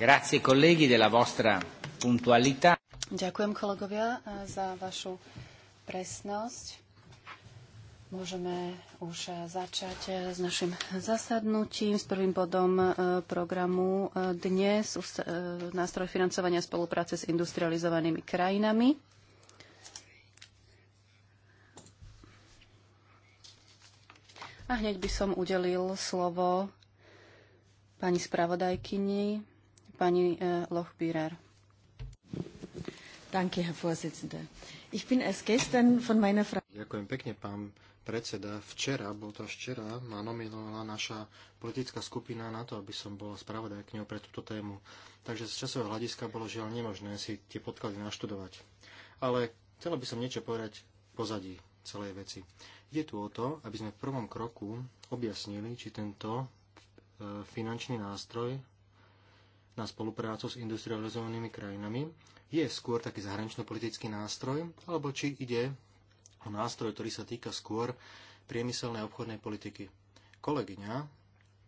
Grazie colleghi della vostra puntualità. Ďakujem kolegovia za vašu presnosť. Môžeme už začať s našim zasadnutím, s prvým bodom eh, programu eh, dnes, eh, nástroj financovania spolupráce s industrializovanými krajinami. A hneď by som udelil slovo pani spravodajkyni Pani eh, Lochbírer. Danke, Herr Vorsitzender. Ich bin erst gestern von meiner Frau... Ďakujem pekne, pán predseda. Včera, bol to včera, ma nominovala naša politická skupina na to, aby som bola spravodajkňou pre túto tému. Takže z časového hľadiska bolo žiaľ nemožné si tie podklady naštudovať. Ale chcela by som niečo povedať pozadí celej veci. Ide tu o to, aby sme v prvom kroku objasnili, či tento eh, finančný nástroj na spoluprácu s industrializovanými krajinami, je skôr taký zahranično-politický nástroj, alebo či ide o nástroj, ktorý sa týka skôr priemyselnej obchodnej politiky. Kolegyňa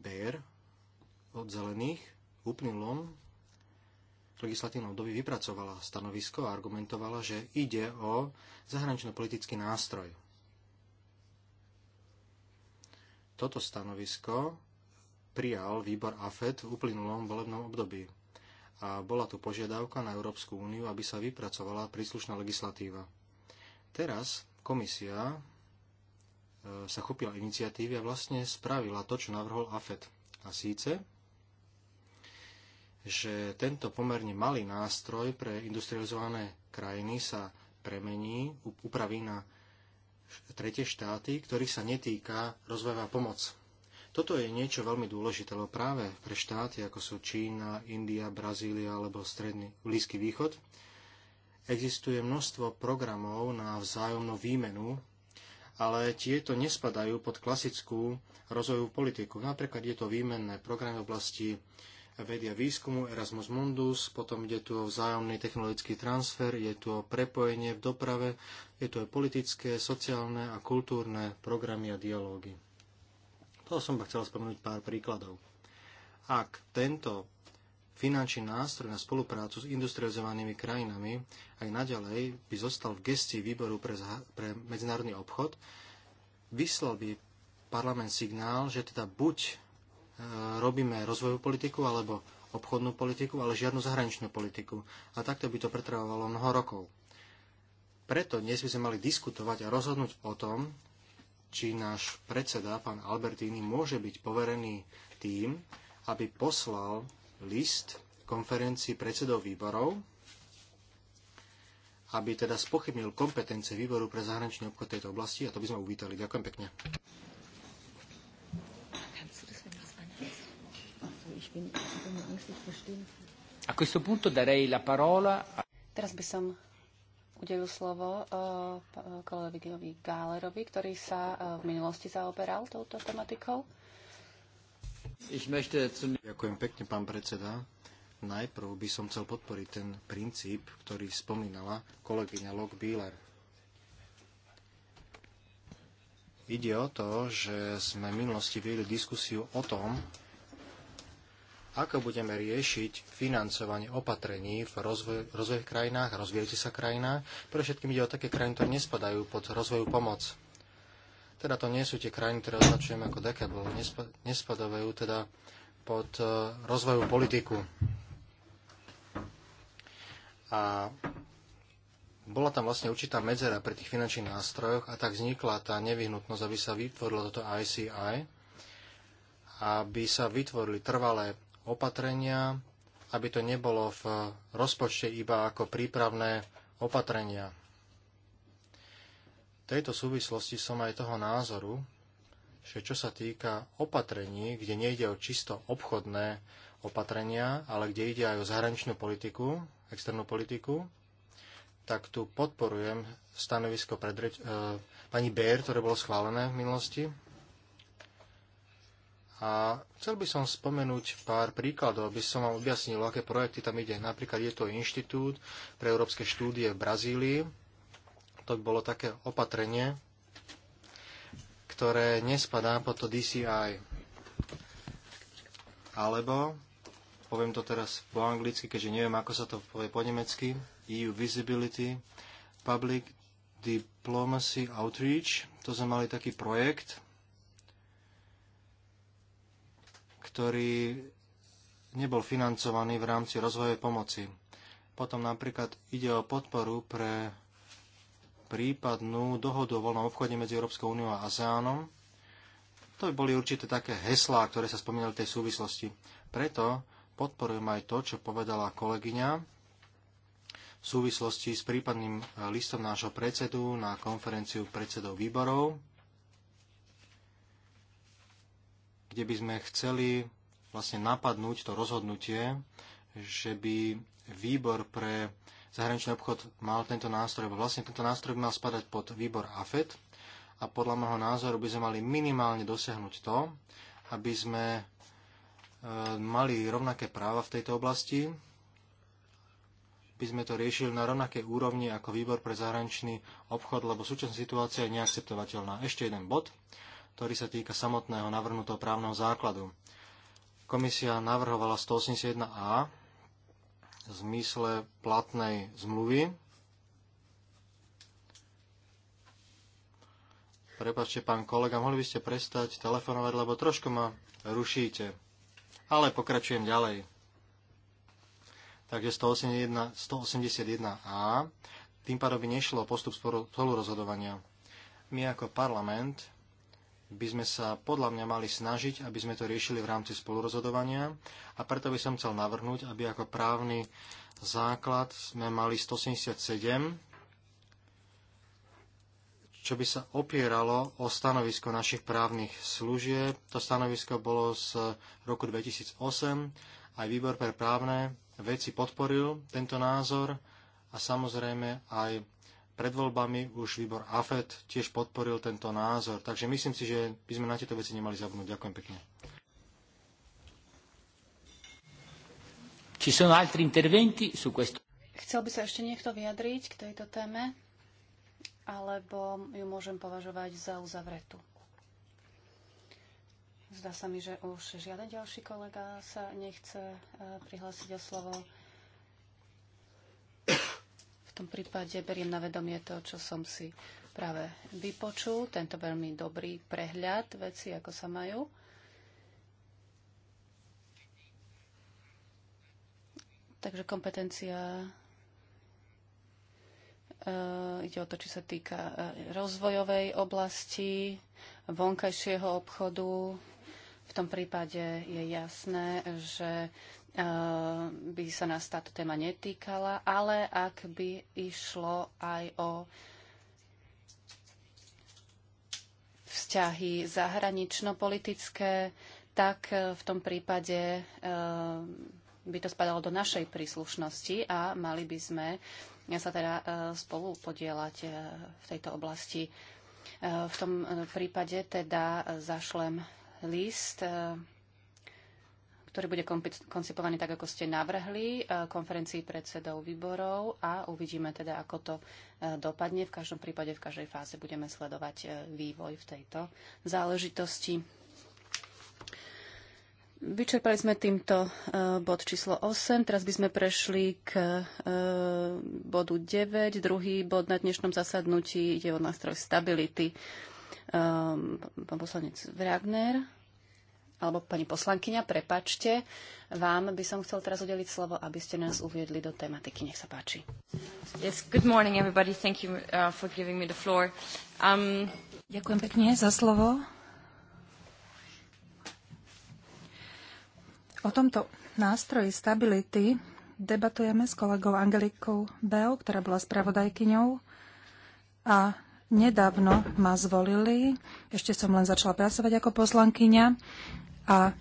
Bayer od Zelených uplynulom legislatívnom období vypracovala stanovisko a argumentovala, že ide o zahranično-politický nástroj. Toto stanovisko prijal výbor AFED v uplynulom volebnom období. A bola tu požiadavka na Európsku úniu, aby sa vypracovala príslušná legislatíva. Teraz komisia e, sa chopila iniciatívy a vlastne spravila to, čo navrhol AFED. A síce, že tento pomerne malý nástroj pre industrializované krajiny sa premení, upraví na tretie štáty, ktorých sa netýka rozvojová pomoc. Toto je niečo veľmi dôležité, lebo práve pre štáty, ako sú Čína, India, Brazília alebo Stredný Blízky východ, existuje množstvo programov na vzájomnú výmenu, ale tieto nespadajú pod klasickú rozvojovú politiku. Napríklad je to výmenné programy v oblasti vedia výskumu Erasmus Mundus, potom je tu o vzájomný technologický transfer, je tu o prepojenie v doprave, je tu aj politické, sociálne a kultúrne programy a dialógy. To som chcel spomenúť pár príkladov. Ak tento finančný nástroj na spoluprácu s industrializovanými krajinami aj naďalej by zostal v gestii výboru pre, pre medzinárodný obchod, vyslal by parlament signál, že teda buď e, robíme rozvojovú politiku alebo obchodnú politiku, ale žiadnu zahraničnú politiku. A takto by to pretrvávalo mnoho rokov. Preto dnes by sme mali diskutovať a rozhodnúť o tom, či náš predseda, pán Albertini, môže byť poverený tým, aby poslal list konferencii predsedov výborov, aby teda spochybnil kompetencie výboru pre zahraničný obchod tejto oblasti a to by sme uvítali. Ďakujem pekne. Teraz by som udelil slovo eh, kolegovi Gálerovi, ktorý sa eh, v minulosti zaoberal touto tematikou. Ďakujem pekne, pán predseda. Najprv by som chcel podporiť ten princíp, ktorý spomínala kolegyňa Lok Bieler. Ide o to, že sme v minulosti viedli diskusiu o tom, ako budeme riešiť financovanie opatrení v rozvoj, rozvojových krajinách, rozvíjajúcich sa krajinách. Pre všetkým ide o také krajiny, ktoré nespadajú pod rozvojovú pomoc. Teda to nie sú tie krajiny, ktoré označujeme ako dekable, nespadajú teda pod e, rozvojovú politiku. A bola tam vlastne určitá medzera pri tých finančných nástrojoch a tak vznikla tá nevyhnutnosť, aby sa vytvorilo toto ICI, aby sa vytvorili trvalé opatrenia, aby to nebolo v rozpočte iba ako prípravné opatrenia. V tejto súvislosti som aj toho názoru, že čo sa týka opatrení, kde nejde o čisto obchodné opatrenia, ale kde ide aj o zahraničnú politiku, externú politiku, tak tu podporujem stanovisko pred, e, pani Bér, ktoré bolo schválené v minulosti. A chcel by som spomenúť pár príkladov, aby som vám objasnil, aké projekty tam ide. Napríklad je to Inštitút pre európske štúdie v Brazílii. To by bolo také opatrenie, ktoré nespadá pod to DCI. Alebo, poviem to teraz po anglicky, keďže neviem, ako sa to povie po nemecky, EU Visibility, Public Diplomacy Outreach. To sme mali taký projekt, ktorý nebol financovaný v rámci rozvojovej pomoci. Potom napríklad ide o podporu pre prípadnú dohodu o voľnom obchode medzi Európskou úniou a ASEANom. To by boli určité také heslá, ktoré sa spomínali v tej súvislosti. Preto podporujem aj to, čo povedala kolegyňa v súvislosti s prípadným listom nášho predsedu na konferenciu predsedov výborov kde by sme chceli vlastne napadnúť to rozhodnutie, že by výbor pre zahraničný obchod mal tento nástroj, bo vlastne tento nástroj by mal spadať pod výbor AFED a podľa môjho názoru by sme mali minimálne dosiahnuť to, aby sme e, mali rovnaké práva v tejto oblasti, by sme to riešili na rovnakej úrovni ako výbor pre zahraničný obchod, lebo súčasná situácia je neakceptovateľná. Ešte jeden bod ktorý sa týka samotného navrhnutého právneho základu. Komisia navrhovala 181a v zmysle platnej zmluvy. Prepačte, pán kolega, mohli by ste prestať telefonovať, lebo trošku ma rušíte. Ale pokračujem ďalej. Takže 181, a tým pádom by nešlo postup rozhodovania. My ako parlament by sme sa podľa mňa mali snažiť, aby sme to riešili v rámci spolurozhodovania a preto by som chcel navrhnúť, aby ako právny základ sme mali 177, čo by sa opieralo o stanovisko našich právnych služieb. To stanovisko bolo z roku 2008, aj výbor pre právne veci podporil tento názor a samozrejme aj pred voľbami už výbor AFED tiež podporil tento názor. Takže myslím si, že by sme na tieto veci nemali zabudnúť. Ďakujem pekne. altri interventi su questo? Chcel by sa ešte niekto vyjadriť k tejto téme, alebo ju môžem považovať za uzavretú. Zdá sa mi, že už žiaden ďalší kolega sa nechce eh, prihlásiť o slovo. V tom prípade beriem na vedomie to, čo som si práve vypočul, tento veľmi dobrý prehľad veci, ako sa majú. Takže kompetencia eh, ide o to, či sa týka eh, rozvojovej oblasti, vonkajšieho obchodu. V tom prípade je jasné, že by sa nás táto téma netýkala, ale ak by išlo aj o vzťahy zahranično-politické, tak eh, v tom prípade eh, by to spadalo do našej príslušnosti a mali by sme sa teda eh, spolu podielať v tejto oblasti. V tom prípade teda zašlem list ktorý bude koncipovaný tak, ako ste navrhli, e, konferencii predsedov výborov a uvidíme teda, ako to e, dopadne. V každom prípade, v každej fáze budeme sledovať e, vývoj v tejto záležitosti. Vyčerpali sme týmto bod číslo 8. Teraz by sme prešli k bodu 9. Druhý bod na dnešnom zasadnutí ide o nástroj stability. Pán poslanec Wagner alebo pani poslankyňa, prepačte, vám by som chcel teraz udeliť slovo, aby ste nás uviedli do tematiky. Nech sa páči. Yes, good morning everybody. Thank you uh, for giving me the floor. Um... Ďakujem pekne za slovo. O tomto nástroji stability debatujeme s kolegou Angelikou Bell, ktorá bola spravodajkyňou a nedávno ma zvolili. Ešte som len začala pracovať ako poslankyňa a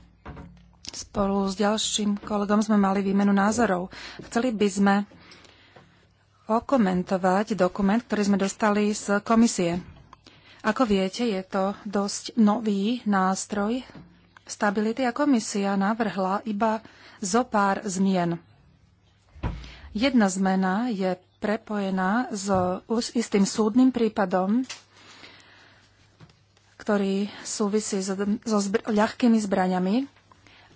spolu s ďalším kolegom sme mali výmenu názorov. Chceli by sme okomentovať dokument, ktorý sme dostali z komisie. Ako viete, je to dosť nový nástroj stability a komisia navrhla iba zo pár zmien. Jedna zmena je prepojená s istým súdnym prípadom, ktorý súvisí so, so zbr- ľahkými zbraňami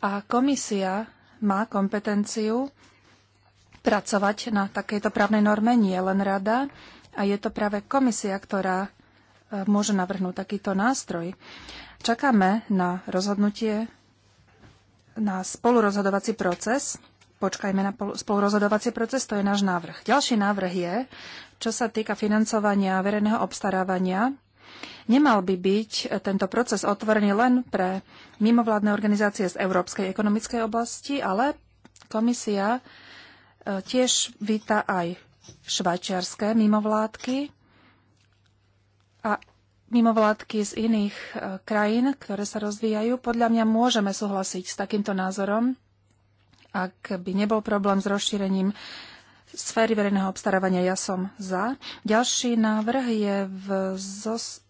a komisia má kompetenciu pracovať na takejto právnej norme, nie len rada. A je to práve komisia, ktorá e, môže navrhnúť takýto nástroj. Čakáme na rozhodnutie, na spolurozhodovací proces. Počkajme na spolurozhodovací proces, to je náš návrh. Ďalší návrh je, čo sa týka financovania verejného obstarávania, Nemal by byť tento proces otvorený len pre mimovládne organizácie z európskej ekonomickej oblasti, ale komisia e, tiež víta aj švajčiarské mimovládky a mimovládky z iných e, krajín, ktoré sa rozvíjajú. Podľa mňa môžeme súhlasiť s takýmto názorom, ak by nebol problém s rozšírením sféry verejného obstarávania ja som za. Ďalší návrh je v, zos,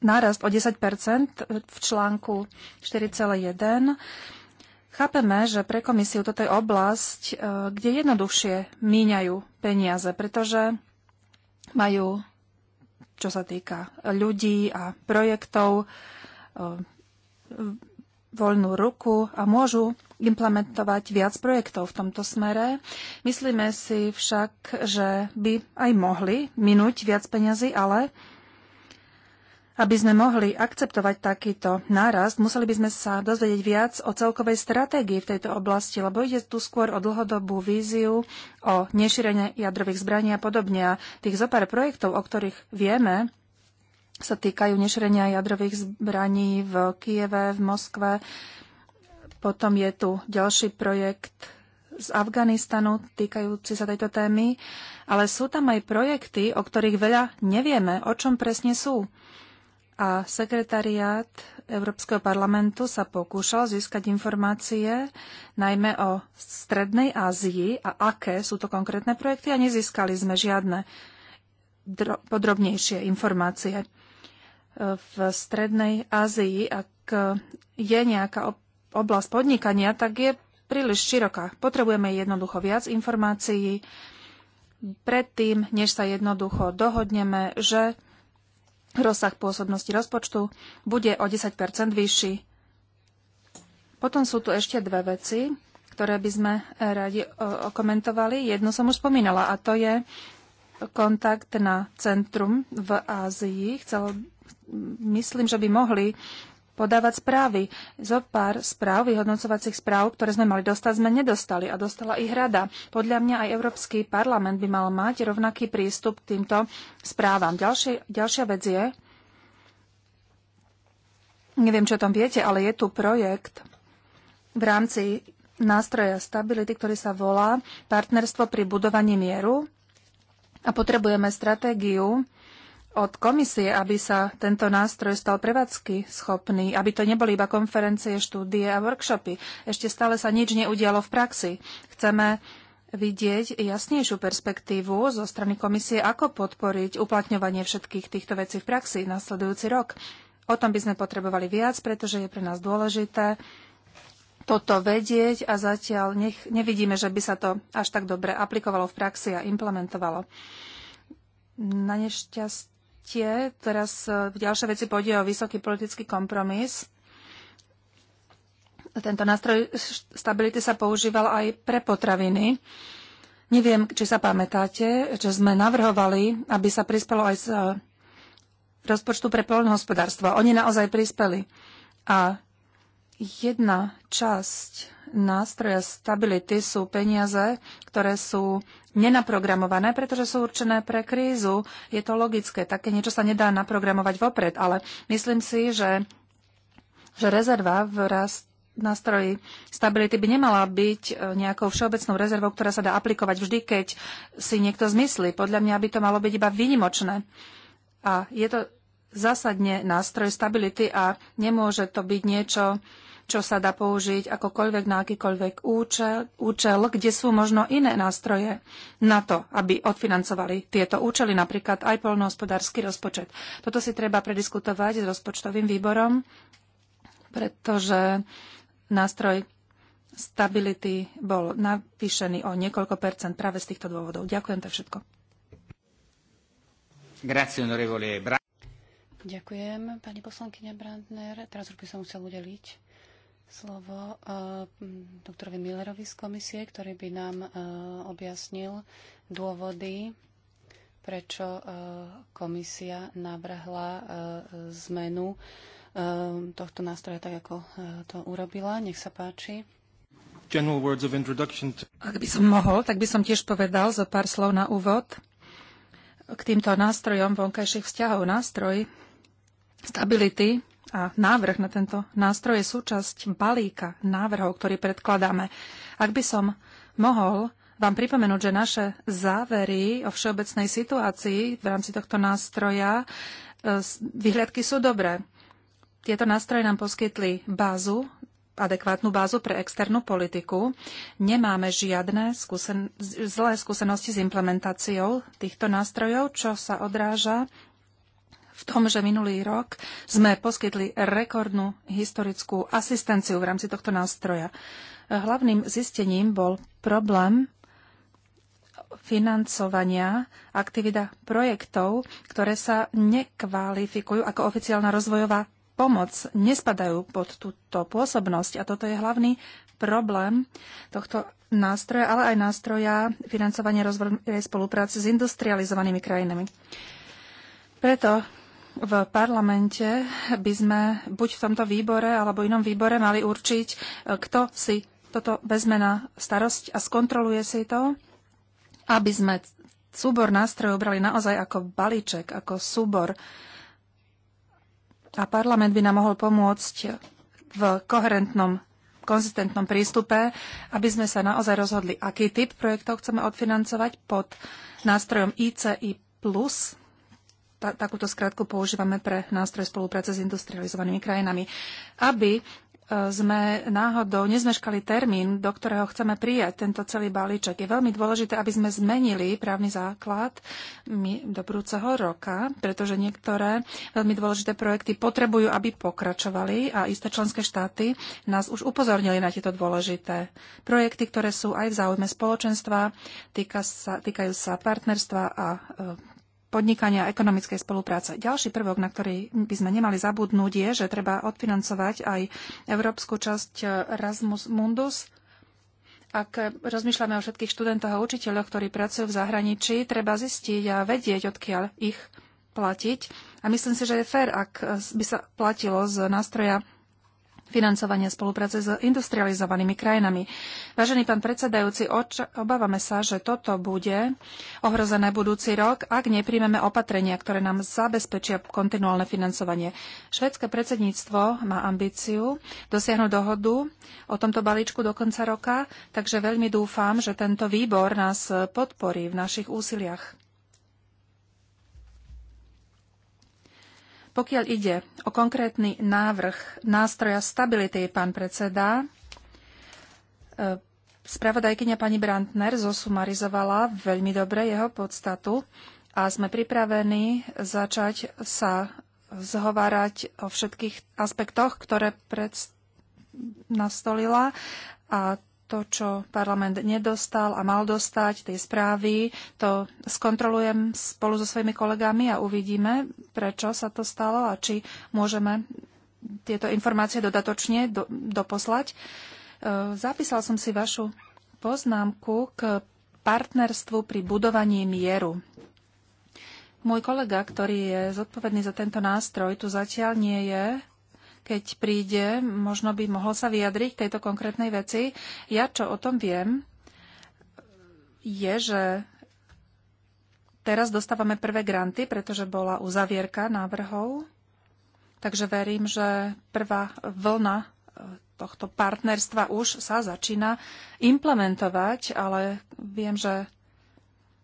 nárast o 10 v článku 4,1. Chápeme, že pre komisiu toto je oblasť, e, kde jednoduchšie míňajú peniaze, pretože majú, čo sa týka ľudí a projektov, e, voľnú ruku a môžu implementovať viac projektov v tomto smere. Myslíme si však, že by aj mohli minúť viac peniazy, ale aby sme mohli akceptovať takýto nárast, museli by sme sa dozvedieť viac o celkovej stratégii v tejto oblasti, lebo ide tu skôr o dlhodobú víziu, o nešírenie jadrových zbraní a podobne. A tých zopár projektov, o ktorých vieme, sa týkajú nešírenia jadrových zbraní v Kieve, v Moskve. Potom je tu ďalší projekt z Afganistanu týkajúci sa tejto témy, ale sú tam aj projekty, o ktorých veľa nevieme, o čom presne sú a sekretariát Európskeho parlamentu sa pokúšal získať informácie najmä o Strednej Ázii a aké sú to konkrétne projekty a nezískali sme žiadne podrobnejšie informácie. E, v Strednej Ázii, ak je nejaká oblasť podnikania, tak je príliš široká. Potrebujeme jednoducho viac informácií predtým, než sa jednoducho dohodneme, že rozsah pôsobnosti rozpočtu bude o 10 vyšší. Potom sú tu ešte dve veci, ktoré by sme radi e, okomentovali. Jednu som už spomínala a to je kontakt na centrum v Ázii. Chcel, myslím, že by mohli podávať správy. Zo pár správ, vyhodnocovacích správ, ktoré sme mali dostať, sme nedostali a dostala ich rada. Podľa mňa aj Európsky parlament by mal mať rovnaký prístup k týmto správam. Ďalšie, ďalšia vec je, neviem, čo tom viete, ale je tu projekt v rámci nástroja stability, ktorý sa volá Partnerstvo pri budovaní mieru a potrebujeme stratégiu od komisie, aby sa tento nástroj stal prevádzky schopný, aby to neboli iba konferencie, štúdie a workshopy. Ešte stále sa nič neudialo v praxi. Chceme vidieť jasnejšiu perspektívu zo strany komisie, ako podporiť uplatňovanie všetkých týchto vecí v praxi nasledujúci rok. O tom by sme potrebovali viac, pretože je pre nás dôležité toto vedieť a zatiaľ nech, nevidíme, že by sa to až tak dobre aplikovalo v praxi a implementovalo. Na nešťastie tretie, teraz v e, ďalšej veci pôjde o vysoký politický kompromis. Tento nástroj stability sa používal aj pre potraviny. Neviem, či sa pamätáte, že sme navrhovali, aby sa prispelo aj z e, rozpočtu pre poľnohospodárstvo. Oni naozaj prispeli. A jedna časť nástroja stability sú peniaze, ktoré sú nenaprogramované, pretože sú určené pre krízu. Je to logické, také niečo sa nedá naprogramovať vopred, ale myslím si, že, že rezerva v rast nástroji stability by nemala byť e, nejakou všeobecnou rezervou, ktorá sa dá aplikovať vždy, keď si niekto zmyslí. Podľa mňa by to malo byť iba výnimočné. A je to zásadne nástroj stability a nemôže to byť niečo, čo sa dá použiť akokoľvek na akýkoľvek účel, účel, kde sú možno iné nástroje na to, aby odfinancovali tieto účely, napríklad aj polnohospodársky rozpočet. Toto si treba prediskutovať s rozpočtovým výborom, pretože nástroj stability bol navýšený o niekoľko percent práve z týchto dôvodov. Ďakujem, to všetko. Ďakujem, pani poslankyňa Brandner. Teraz by som chcel udeliť slovo eh, doktorovi Millerovi z komisie, ktorý by nám eh, objasnil dôvody, prečo eh, komisia navrhla zmenu tohto nástroja tak, ako to urobila. Nech sa páči. Ak by som mohol, tak by som tiež povedal zo pár slov na úvod k týmto nástrojom vonkajších vzťahov. Nástroj stability a návrh na tento nástroj je súčasť balíka návrhov, ktorý predkladáme. Ak by som mohol vám pripomenúť, že naše závery o všeobecnej situácii v rámci tohto nástroja, e, vyhľadky sú dobré. Tieto nástroje nám poskytli bázu, adekvátnu bázu pre externú politiku. Nemáme žiadne skúsen- zlé skúsenosti s implementáciou týchto nástrojov, čo sa odráža v tom, že minulý rok sme poskytli rekordnú historickú asistenciu v rámci tohto nástroja. Hlavným zistením bol problém financovania aktivita projektov, ktoré sa nekvalifikujú ako oficiálna rozvojová pomoc, nespadajú pod túto pôsobnosť. A toto je hlavný problém tohto nástroja, ale aj nástroja financovania rozvojovej spolupráce s industrializovanými krajinami. Preto v parlamente by sme buď v tomto výbore alebo inom výbore mali určiť, e, kto si toto vezme na starosť a skontroluje si to, aby sme súbor nástrojov brali naozaj ako balíček, ako súbor. A parlament by nám mohol pomôcť v koherentnom, konzistentnom prístupe, aby sme sa naozaj rozhodli, aký typ projektov chceme odfinancovať pod nástrojom ICI+, ta, takúto skratku používame pre nástroj spolupráce s industrializovanými krajinami, aby e, sme náhodou nezmeškali termín, do ktorého chceme prijať tento celý balíček. Je veľmi dôležité, aby sme zmenili právny základ do budúceho roka, pretože niektoré veľmi dôležité projekty potrebujú, aby pokračovali a isté členské štáty nás už upozornili na tieto dôležité projekty, ktoré sú aj v záujme spoločenstva, týka sa, týkajú sa partnerstva a e, podnikania a ekonomickej spolupráce. Ďalší prvok, na ktorý by sme nemali zabudnúť, je, že treba odfinancovať aj európsku časť eh, Erasmus Mundus. Ak rozmýšľame o všetkých študentoch a učiteľoch, ktorí pracujú v zahraničí, treba zistiť a vedieť, odkiaľ ich platiť. A myslím si, že je fér, ak eh, by sa platilo z nástroja financovania spolupráce s industrializovanými krajinami. Vážený pán predsedajúci, obávame sa, že toto bude ohrozené budúci rok, ak nepríjmeme opatrenia, ktoré nám zabezpečia kontinuálne financovanie. Švedské predsedníctvo má ambíciu dosiahnuť dohodu o tomto balíčku do konca roka, takže veľmi dúfam, že tento výbor nás podporí v našich úsiliach. Pokiaľ ide o konkrétny návrh nástroja stability, pán predseda, e, spravodajkynia pani Brandner zosumarizovala veľmi dobre jeho podstatu a sme pripravení začať sa zhovárať o všetkých aspektoch, ktoré pred nastolila a to, čo parlament nedostal a mal dostať, tej správy, to skontrolujem spolu so svojimi kolegami a uvidíme, prečo sa to stalo a či môžeme tieto informácie dodatočne do, doposlať. E, zapísal som si vašu poznámku k partnerstvu pri budovaní mieru. Môj kolega, ktorý je zodpovedný za tento nástroj, tu zatiaľ nie je keď príde, možno by mohol sa vyjadriť k tejto konkrétnej veci. Ja čo o tom viem, je, že teraz dostávame prvé granty, pretože bola uzavierka návrhov. Takže verím, že prvá vlna e, tohto partnerstva už sa začína implementovať, ale viem, že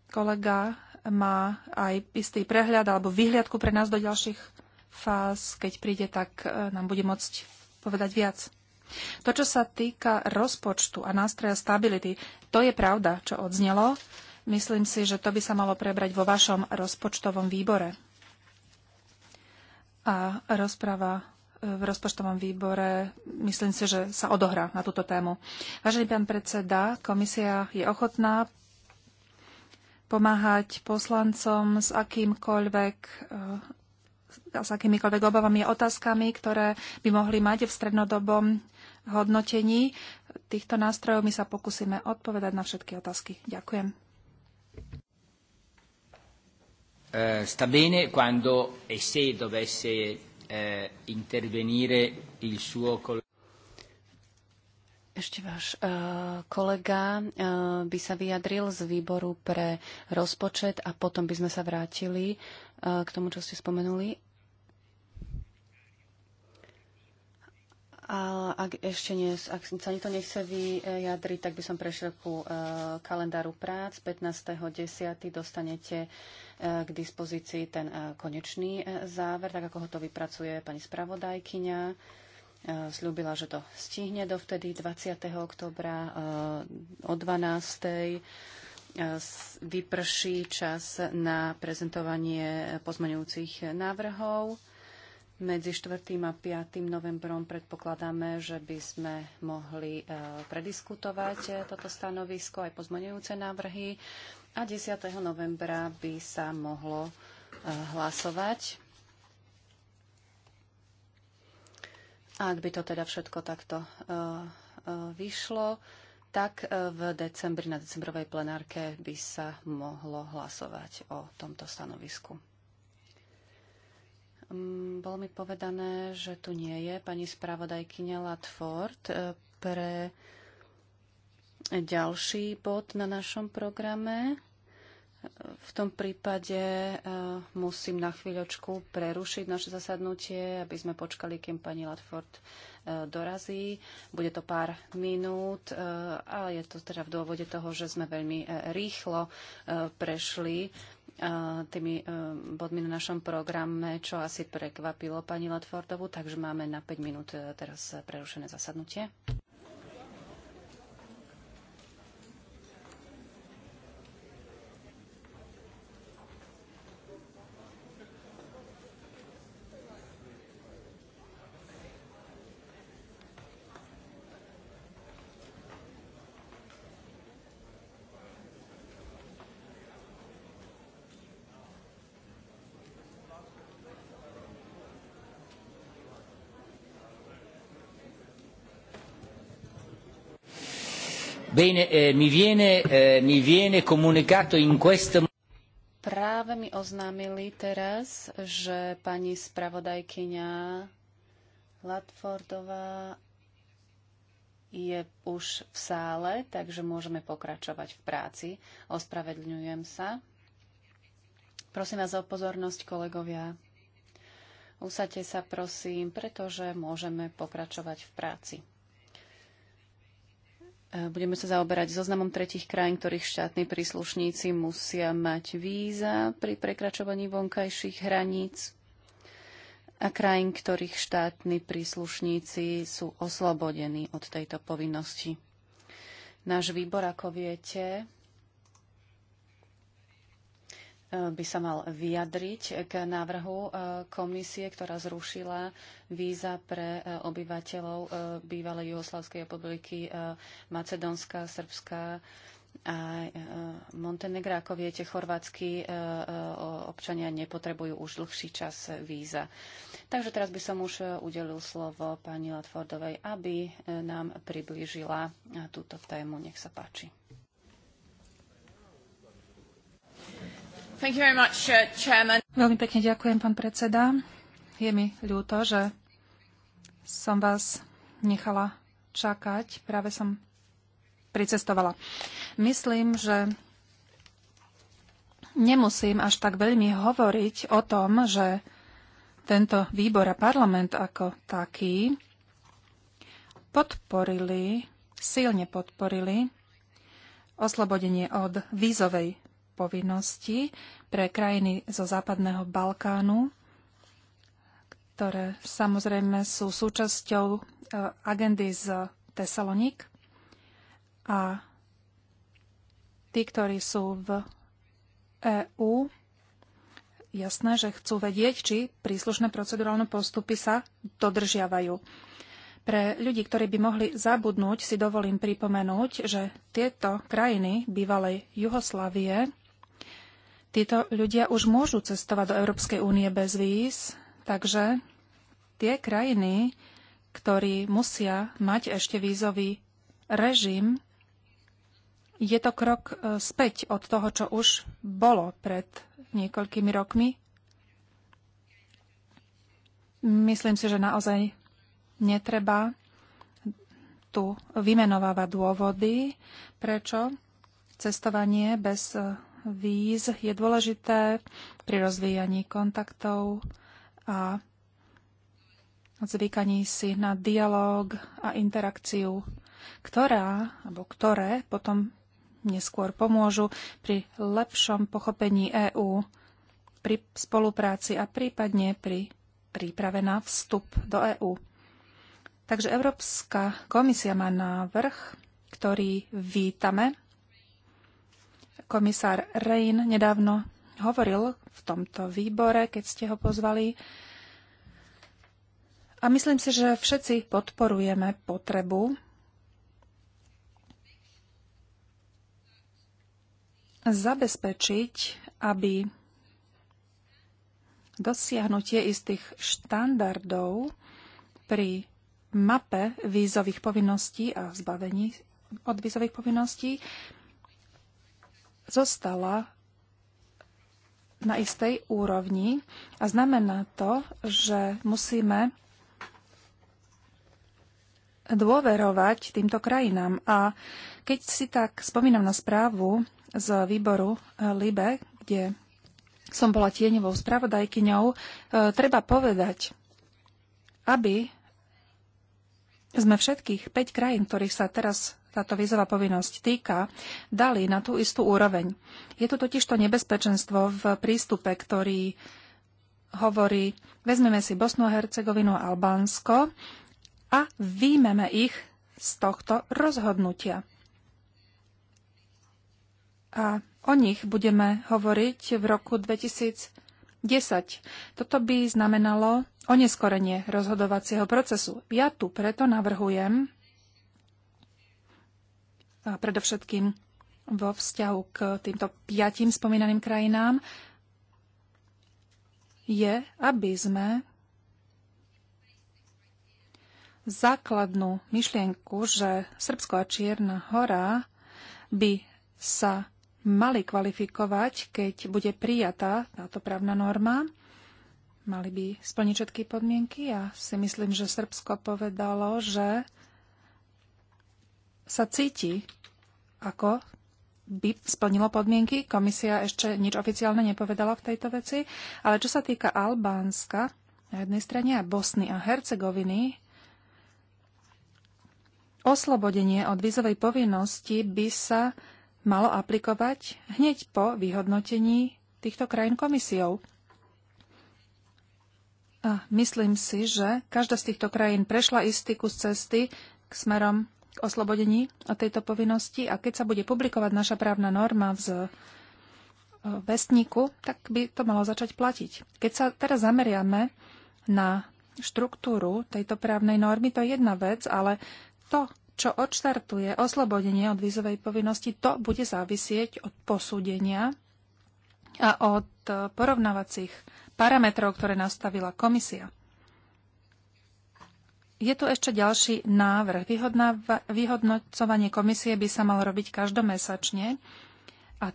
kolega má aj istý prehľad alebo vyhliadku pre nás do ďalších fáz, keď príde, tak e, nám bude môcť povedať viac. To, čo sa týka rozpočtu a nástroja stability, to je pravda, čo odznelo. Myslím si, že to by sa malo prebrať vo vašom rozpočtovom výbore. A rozpráva e, v rozpočtovom výbore, myslím si, že sa odohrá na túto tému. Vážený pán predseda, komisia je ochotná pomáhať poslancom s akýmkoľvek e, s akýmikoľvek obavami a otázkami, ktoré by mohli mať v strednodobom hodnotení týchto nástrojov. My sa pokúsime odpovedať na všetky otázky. Ďakujem. Uh, sta bene quando e se dovesse uh, intervenire il suo collega. Ešte váš uh, kolega uh, by sa vyjadril z výboru pre rozpočet a potom by sme sa vrátili uh, k tomu, čo ste spomenuli. Ale ak ešte nie, ak sa nikto nechce vyjadriť, tak by som prešiel ku e, kalendáru prác. 15.10. dostanete e, k dispozícii ten e, konečný záver, tak ako ho to vypracuje pani spravodajkyňa. Sľúbila, že to stihne dovtedy 20. oktobra o 12. Vyprší čas na prezentovanie pozmeňujúcich návrhov. Medzi 4. a 5. novembrom predpokladáme, že by sme mohli e, prediskutovať e, toto stanovisko aj pozmenujúce návrhy a 10. novembra by sa mohlo e, hlasovať. A ak by to teda všetko takto vyšlo, tak v decembri na decembrovej plenárke by sa mohlo hlasovať o tomto stanovisku. Mm, bolo mi povedané, že tu nie je pani spravodajkyňa Latford eh, pre ďalší bod na našom programe. V tom prípade eh, musím na chvíľočku prerušiť naše zasadnutie, aby sme počkali, kým pani Latford eh, dorazí. Bude to pár minút, eh, ale je to teda v dôvode toho, že sme veľmi rýchlo prešli tými bodmi na našom programe, čo asi prekvapilo pani Latfordovu, takže máme na 5 minút teraz prerušené zasadnutie. Bene, eh, mi, viene, eh, mi viene comunicato in questo Práve mi oznámili teraz, že pani spravodajkyňa Latfordová je už v sále, takže môžeme pokračovať v práci. Ospravedlňujem sa. Prosím vás o pozornosť, kolegovia. Usaďte sa, prosím, pretože môžeme pokračovať v práci. E, budeme sa zaoberať zoznamom tretich krajín, ktorých štátni príslušníci musia mať víza pri prekračovaní vonkajších hraníc a krajín, ktorých štátni príslušníci sú oslobodení od tejto povinnosti. Náš výbor, ako viete, by sa mal vyjadriť k návrhu e, komisie, ktorá zrušila víza pre e, obyvateľov e, bývalej Jugoslavskej republiky Macedónska, Srbska a Montenegra. Ako viete, chorvátsky občania nepotrebujú už dlhší čas víza. Takže teraz by som už udelil slovo pani Latfordovej, aby nám priblížila túto tému. Nech sa páči. Uh, veľmi pekne ďakujem, pán predseda. Je mi ľúto, že som vás nechala čakať. Práve som pricestovala. Myslím, že nemusím až tak veľmi hovoriť o tom, že tento výbor a parlament ako taký podporili, silne podporili oslobodenie od vízovej povinnosti pre krajiny zo západného Balkánu, ktoré samozrejme sú súčasťou e, agendy z Tesalonik. A tí, ktorí sú v EÚ, jasné, že chcú vedieť, či príslušné procedurálne postupy sa dodržiavajú. Pre ľudí, ktorí by mohli zabudnúť, si dovolím pripomenúť, že tieto krajiny bývalej Juhoslavie Títo ľudia už môžu cestovať do Európskej únie bez víz, takže tie krajiny, ktorí musia mať ešte vízový režim, je to krok e, späť od toho, čo už bolo pred niekoľkými rokmi. Myslím si, že naozaj netreba tu vymenovávať dôvody, prečo cestovanie bez e, víz je dôležité pri rozvíjaní kontaktov a zvykaní si na dialog a interakciu, ktorá, alebo ktoré potom neskôr pomôžu pri lepšom pochopení EÚ, pri spolupráci a prípadne pri príprave na vstup do EÚ. Takže Európska komisia má návrh, ktorý vítame Komisár Rein nedávno hovoril v tomto výbore, keď ste ho pozvali. A myslím si, že všetci podporujeme potrebu zabezpečiť, aby dosiahnutie istých štandardov pri mape vízových povinností a zbavení od vízových povinností zostala na istej úrovni a znamená to, že musíme dôverovať týmto krajinám. A keď si tak spomínam na správu z výboru eh, LIBE, kde som bola tieňovou spravodajkyňou, eh, treba povedať, aby sme všetkých 5 krajín, ktorých sa teraz táto vízová povinnosť týka, dali na tú istú úroveň. Je tu to totiž to nebezpečenstvo v prístupe, ktorý hovorí, vezmeme si Bosnu, Hercegovinu a Albánsko a výjmeme ich z tohto rozhodnutia. A o nich budeme hovoriť v roku 2010. Toto by znamenalo oneskorenie rozhodovacieho procesu. Ja tu preto navrhujem, predovšetkým vo vzťahu k týmto piatim spomínaným krajinám, je, aby sme základnú myšlienku, že Srbsko a Čierna hora by sa mali kvalifikovať, keď bude prijatá táto právna norma, mali by splniť všetky podmienky. Ja si myslím, že Srbsko povedalo, že sa cíti, ako by splnilo podmienky. Komisia ešte nič oficiálne nepovedala v tejto veci. Ale čo sa týka Albánska na jednej strane a Bosny a Hercegoviny, oslobodenie od vízovej povinnosti by sa malo aplikovať hneď po vyhodnotení týchto krajín komisiou. A myslím si, že každá z týchto krajín prešla istý kus cesty k smerom oslobodení od tejto povinnosti a keď sa bude publikovať naša právna norma v e, vestníku, tak by to malo začať platiť. Keď sa teraz zameriame na štruktúru tejto právnej normy, to je jedna vec, ale to, čo odštartuje oslobodenie od vízovej povinnosti, to bude závisieť od posúdenia a od e, porovnávacích parametrov, ktoré nastavila komisia. Je tu ešte ďalší návrh. vyhodnocovanie komisie by sa malo robiť každomesačne a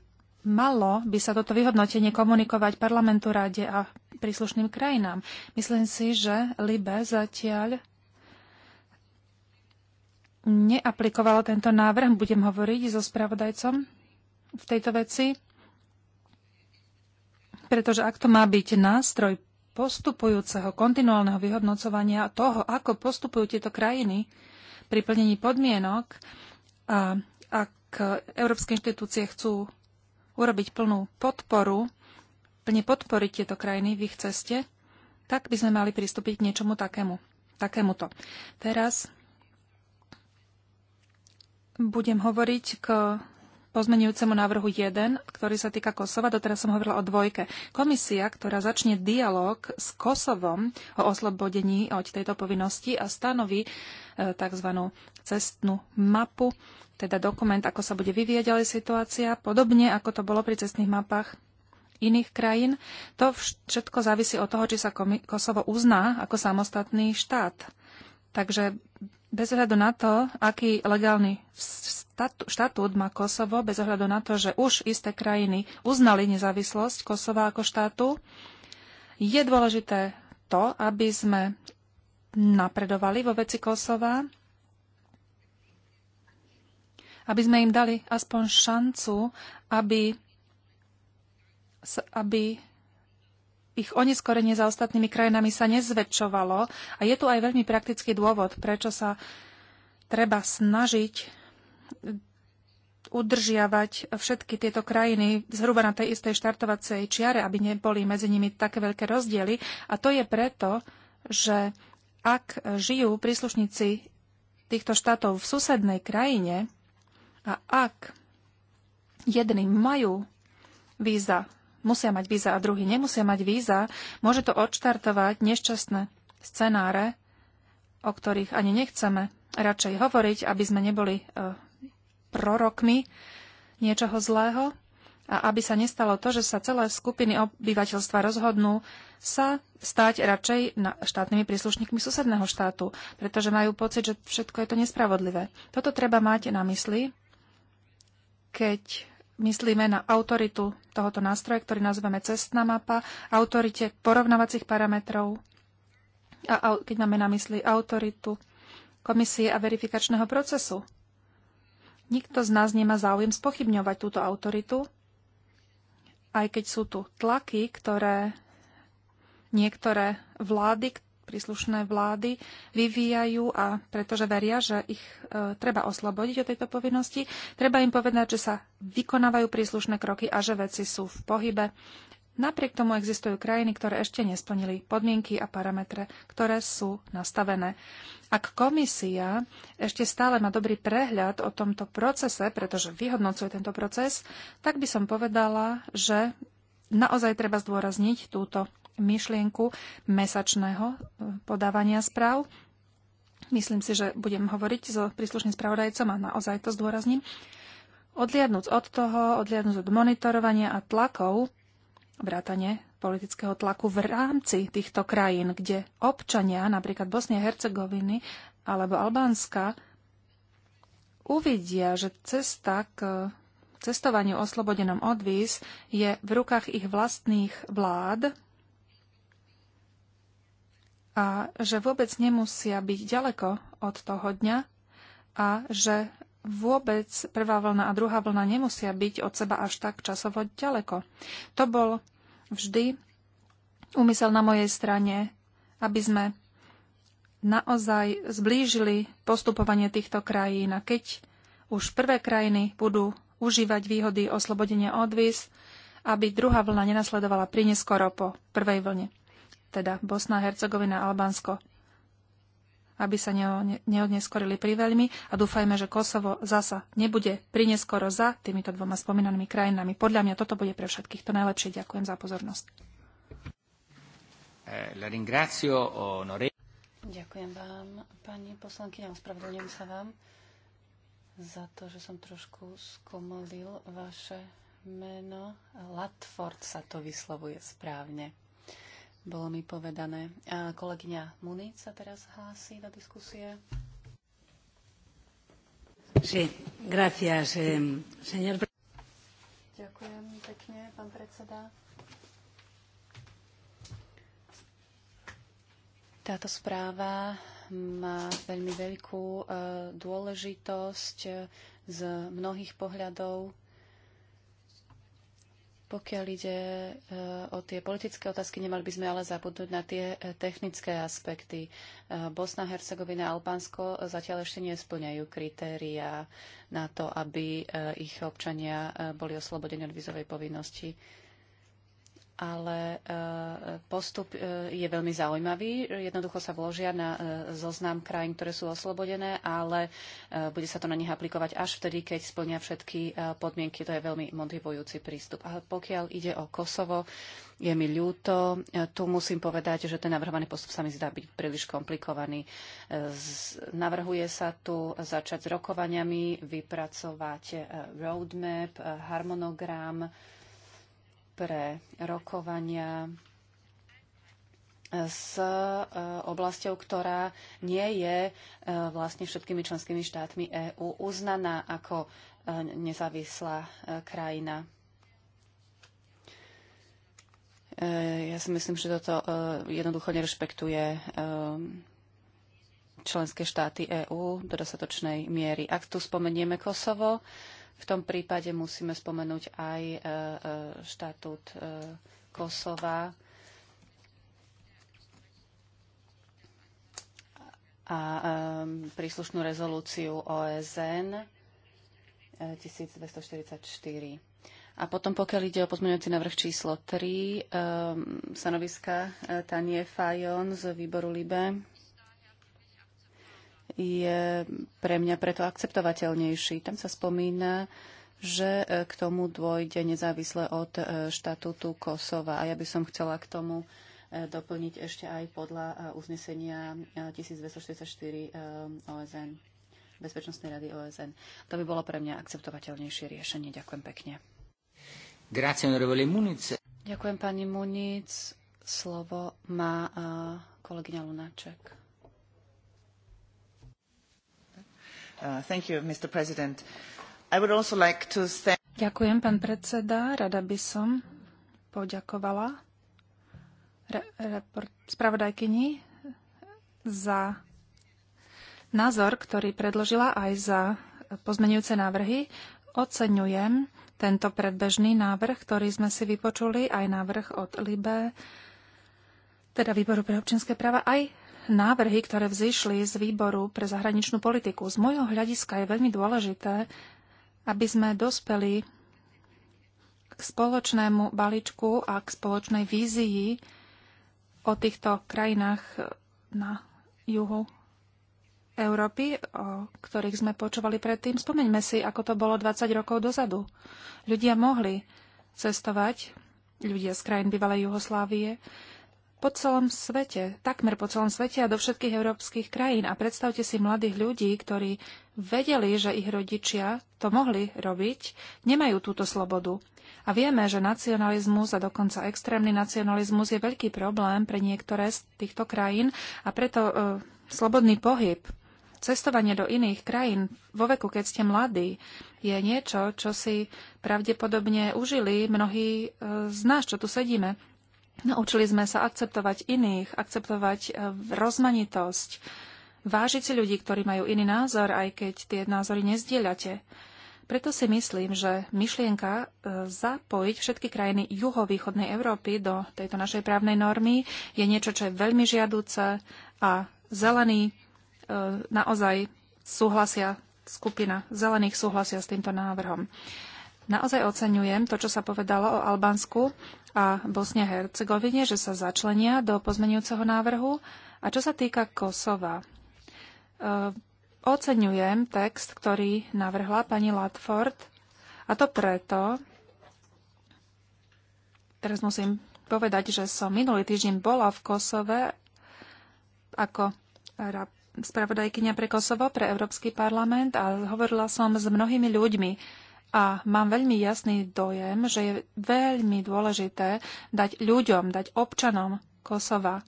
malo by sa toto vyhodnotenie komunikovať parlamentu, rade a príslušným krajinám. Myslím si, že Libe zatiaľ neaplikovalo tento návrh. Budem hovoriť so spravodajcom v tejto veci, pretože ak to má byť nástroj postupujúceho kontinuálneho vyhodnocovania toho, ako postupujú tieto krajiny pri plnení podmienok a ak európske inštitúcie chcú urobiť plnú podporu, plne podporiť tieto krajiny v ich ceste, tak by sme mali pristúpiť k niečomu takému, takémuto. Teraz budem hovoriť k pozmenujúcemu návrhu 1, ktorý sa týka Kosova. Doteraz som hovorila o dvojke. Komisia, ktorá začne dialog s Kosovom o oslobodení od tejto povinnosti a stanoví e, tzv. cestnú mapu, teda dokument, ako sa bude vyvíjať ďalej situácia, podobne ako to bolo pri cestných mapách iných krajín. To všetko závisí od toho, či sa Kosovo uzná ako samostatný štát. Takže bez ohľadu na to, aký legálny štatút má Kosovo, bez ohľadu na to, že už isté krajiny uznali nezávislosť Kosova ako štátu, je dôležité to, aby sme napredovali vo veci Kosova, aby sme im dali aspoň šancu, aby, aby ich oneskorenie za ostatnými krajinami sa nezväčšovalo a je tu aj veľmi praktický dôvod, prečo sa treba snažiť udržiavať všetky tieto krajiny zhruba na tej istej štartovacej čiare, aby neboli medzi nimi také veľké rozdiely. A to je preto, že ak žijú príslušníci týchto štátov v susednej krajine a ak jedni majú víza musia mať víza a druhý nemusia mať víza, môže to odštartovať nešťastné scenáre, o ktorých ani nechceme radšej hovoriť, aby sme neboli e, prorokmi niečoho zlého a aby sa nestalo to, že sa celé skupiny obyvateľstva rozhodnú sa stať radšej štátnymi príslušníkmi susedného štátu, pretože majú pocit, že všetko je to nespravodlivé. Toto treba mať na mysli, keď myslíme na autoritu tohoto nástroja, ktorý nazveme cestná mapa, autorite porovnávacích parametrov, a keď máme na mysli autoritu komisie a verifikačného procesu. Nikto z nás nemá záujem spochybňovať túto autoritu, aj keď sú tu tlaky, ktoré niektoré vlády, príslušné vlády vyvíjajú a pretože veria, že ich e, treba oslobodiť od tejto povinnosti, treba im povedať, že sa vykonávajú príslušné kroky a že veci sú v pohybe. Napriek tomu existujú krajiny, ktoré ešte nesplnili podmienky a parametre, ktoré sú nastavené. Ak komisia ešte stále má dobrý prehľad o tomto procese, pretože vyhodnocuje tento proces, tak by som povedala, že naozaj treba zdôrazniť túto myšlienku mesačného e, podávania správ. Myslím si, že budem hovoriť so príslušným spravodajcom a naozaj to zdôrazním. Odliadnúc od toho, odliadnúc od monitorovania a tlakov, vrátane politického tlaku v rámci týchto krajín, kde občania, napríklad Bosnie a Hercegoviny alebo Albánska, uvidia, že cesta k cestovaniu oslobodenom od víz je v rukách ich vlastných vlád, a že vôbec nemusia byť ďaleko od toho dňa a že vôbec prvá vlna a druhá vlna nemusia byť od seba až tak časovo ďaleko. To bol vždy úmysel na mojej strane, aby sme naozaj zblížili postupovanie týchto krajín a keď už prvé krajiny budú užívať výhody oslobodenia od víz, aby druhá vlna nenasledovala prineskoro po prvej vlne teda Bosna, Hercegovina, Albánsko, aby sa neodneskorili veľmi a dúfajme, že Kosovo zasa nebude prineskoro za týmito dvoma spomínanými krajinami. Podľa mňa toto bude pre všetkých to najlepšie. Ďakujem za pozornosť. Eh, Ďakujem vám, pani poslankyňa, ospravedlňujem sa vám za to, že som trošku skomolil vaše meno. Latford sa to vyslovuje správne bolo mi povedané. A kolegyňa Munic sa teraz hlási do diskusie. Sí, gracias, eh, señor... Ďakujem pekne, pán predseda. Táto správa má veľmi veľkú eh, dôležitosť z mnohých pohľadov. Pokiaľ ide eh, o tie politické otázky, nemali by sme ale zabudnúť na tie eh, technické aspekty. Eh, Bosna, Hercegovina a Albánsko zatiaľ ešte nesplňajú kritéria na to, aby ich občania boli oslobodení od vízovej povinnosti ale e, postup e, je veľmi zaujímavý. Jednoducho sa vložia na e, zoznam krajín, ktoré sú oslobodené, ale bude sa to na nich aplikovať až vtedy, keď splnia všetky podmienky. To je veľmi motivujúci prístup. A pokiaľ ide o Kosovo, je mi ľúto. Tu musím povedať, že ten navrhovaný postup sa mi zdá byť príliš komplikovaný. Navrhuje sa tu začať s rokovaniami, vypracovať roadmap, harmonogram, pre rokovania s e, oblasťou, ktorá nie je e, vlastne všetkými členskými štátmi EÚ uznaná ako e, nezávislá krajina. Ja si myslím, že toto jednoducho nerešpektuje členské štáty EÚ do dostatočnej miery. Ak tu spomenieme Kosovo, v tom prípade musíme spomenúť aj e, e, štatút e, Kosova a príslušnú rezolúciu OSN 1244. A potom, pokiaľ ide o pozmeňujúci návrh číslo 3, um, stanoviska Tanie Fajon z výboru LIBE, je pre mňa preto akceptovateľnejší. Tam sa spomína, že e, k tomu dôjde nezávisle od e, štatútu Kosova. A ja by som chcela k tomu e, doplniť ešte aj podľa uznesenia 1244 OSN, Bezpečnostnej rady OSN. To by bolo pre mňa akceptovateľnejšie riešenie. Ďakujem pekne. Ďakujem pani Munic. Slovo má kolegyňa Lunáček. Uh, Ďakujem, pán predseda. Rada by som poďakovala spravodajkyni za názor, ktorý predložila aj za pozmenujúce návrhy. Oceňujem tento predbežný návrh, ktorý sme si vypočuli, aj návrh od Libe, teda Výboru pre občianské práva, aj návrhy, ktoré vzýšli z výboru pre zahraničnú politiku. Z môjho hľadiska je veľmi dôležité, aby sme dospeli k spoločnému balíčku a k spoločnej vízii o týchto krajinách na juhu Európy, o ktorých sme počúvali predtým. Spomeňme si, ako to bolo 20 rokov dozadu. Ľudia mohli cestovať, ľudia z krajín bývalej Juhoslávie, po celom svete, takmer po celom svete a do všetkých európskych krajín. A predstavte si mladých ľudí, ktorí vedeli, že ich rodičia to mohli robiť, nemajú túto slobodu. A vieme, že nacionalizmus a dokonca extrémny nacionalizmus je veľký problém pre niektoré z týchto krajín a preto e, slobodný pohyb, cestovanie do iných krajín vo veku, keď ste mladí, je niečo, čo si pravdepodobne užili mnohí e, z nás, čo tu sedíme. Naučili sme sa akceptovať iných, akceptovať e, rozmanitosť, vážiť si ľudí, ktorí majú iný názor, aj keď tie názory nezdieľate. Preto si myslím, že myšlienka e, zapojiť všetky krajiny juhovýchodnej Európy do tejto našej právnej normy je niečo, čo je veľmi žiadúce a zelený e, naozaj súhlasia skupina zelených súhlasia s týmto návrhom. Naozaj oceňujem to, čo sa povedalo o Albánsku a Bosne a Hercegovine, že sa začlenia do pozmenujúceho návrhu. A čo sa týka Kosova, e, oceňujem text, ktorý navrhla pani Latford, a to preto, teraz musím povedať, že som minulý týždeň bola v Kosove ako spravodajkynia pre Kosovo, pre Európsky parlament a hovorila som s mnohými ľuďmi, a mám veľmi jasný dojem, že je veľmi dôležité dať ľuďom, dať občanom Kosova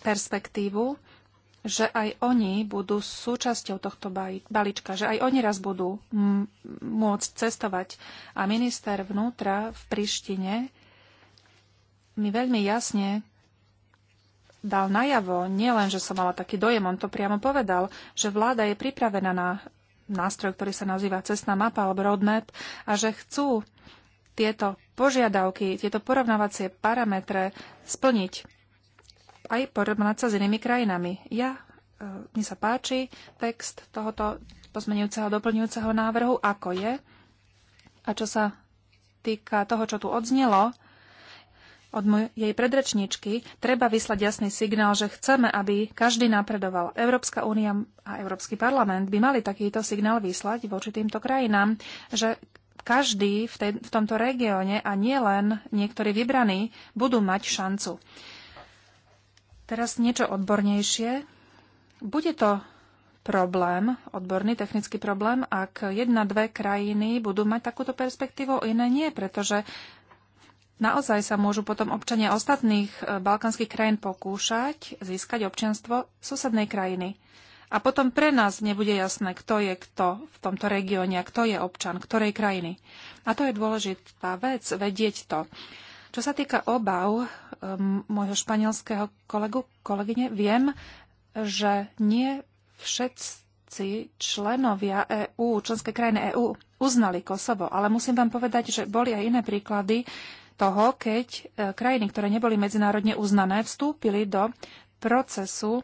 perspektívu, že aj oni budú súčasťou tohto balíčka, že aj oni raz budú môcť cestovať. A minister vnútra v Prištine mi veľmi jasne dal najavo, nielen, že som mala taký dojem, on to priamo povedal, že vláda je pripravená na nástroj, ktorý sa nazýva cestná mapa alebo roadmap a že chcú tieto požiadavky, tieto porovnávacie parametre splniť aj porovnať sa s inými krajinami. Ja, e, mne sa páči text tohoto pozmenujúceho doplňujúceho návrhu, ako je. A čo sa týka toho, čo tu odznelo, od mojej predrečníčky, treba vyslať jasný signál, že chceme, aby každý napredoval. Európska únia a Európsky parlament by mali takýto signál vyslať voči týmto krajinám, že každý v, tej, v tomto regióne a nielen niektorí vybraní budú mať šancu. Teraz niečo odbornejšie. Bude to problém, odborný technický problém, ak jedna, dve krajiny budú mať takúto perspektívu, iné nie, pretože Naozaj sa môžu potom občania ostatných e, balkánskych krajín pokúšať získať občianstvo susednej krajiny. A potom pre nás nebude jasné, kto je kto v tomto regióne a kto je občan ktorej krajiny. A to je dôležitá vec, vedieť to. Čo sa týka obav e, môjho španielského kolegu, kolegyne, viem, že nie všetci členovia EÚ, členské krajiny EÚ uznali Kosovo, ale musím vám povedať, že boli aj iné príklady, toho, keď e, krajiny, ktoré neboli medzinárodne uznané, vstúpili do procesu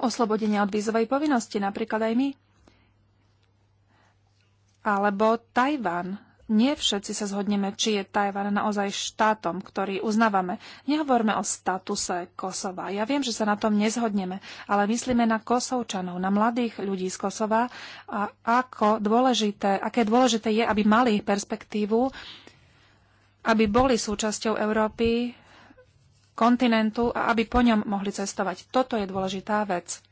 oslobodenia od vízovej povinnosti, napríklad aj my. Alebo Tajván. Nie všetci sa zhodneme, či je Tajván naozaj štátom, ktorý uznávame. Nehovorme o statuse Kosova. Ja viem, že sa na tom nezhodneme, ale myslíme na Kosovčanov, na mladých ľudí z Kosova a ako dôležité, aké dôležité je, aby mali perspektívu aby boli súčasťou Európy, kontinentu a aby po ňom mohli cestovať. Toto je dôležitá vec.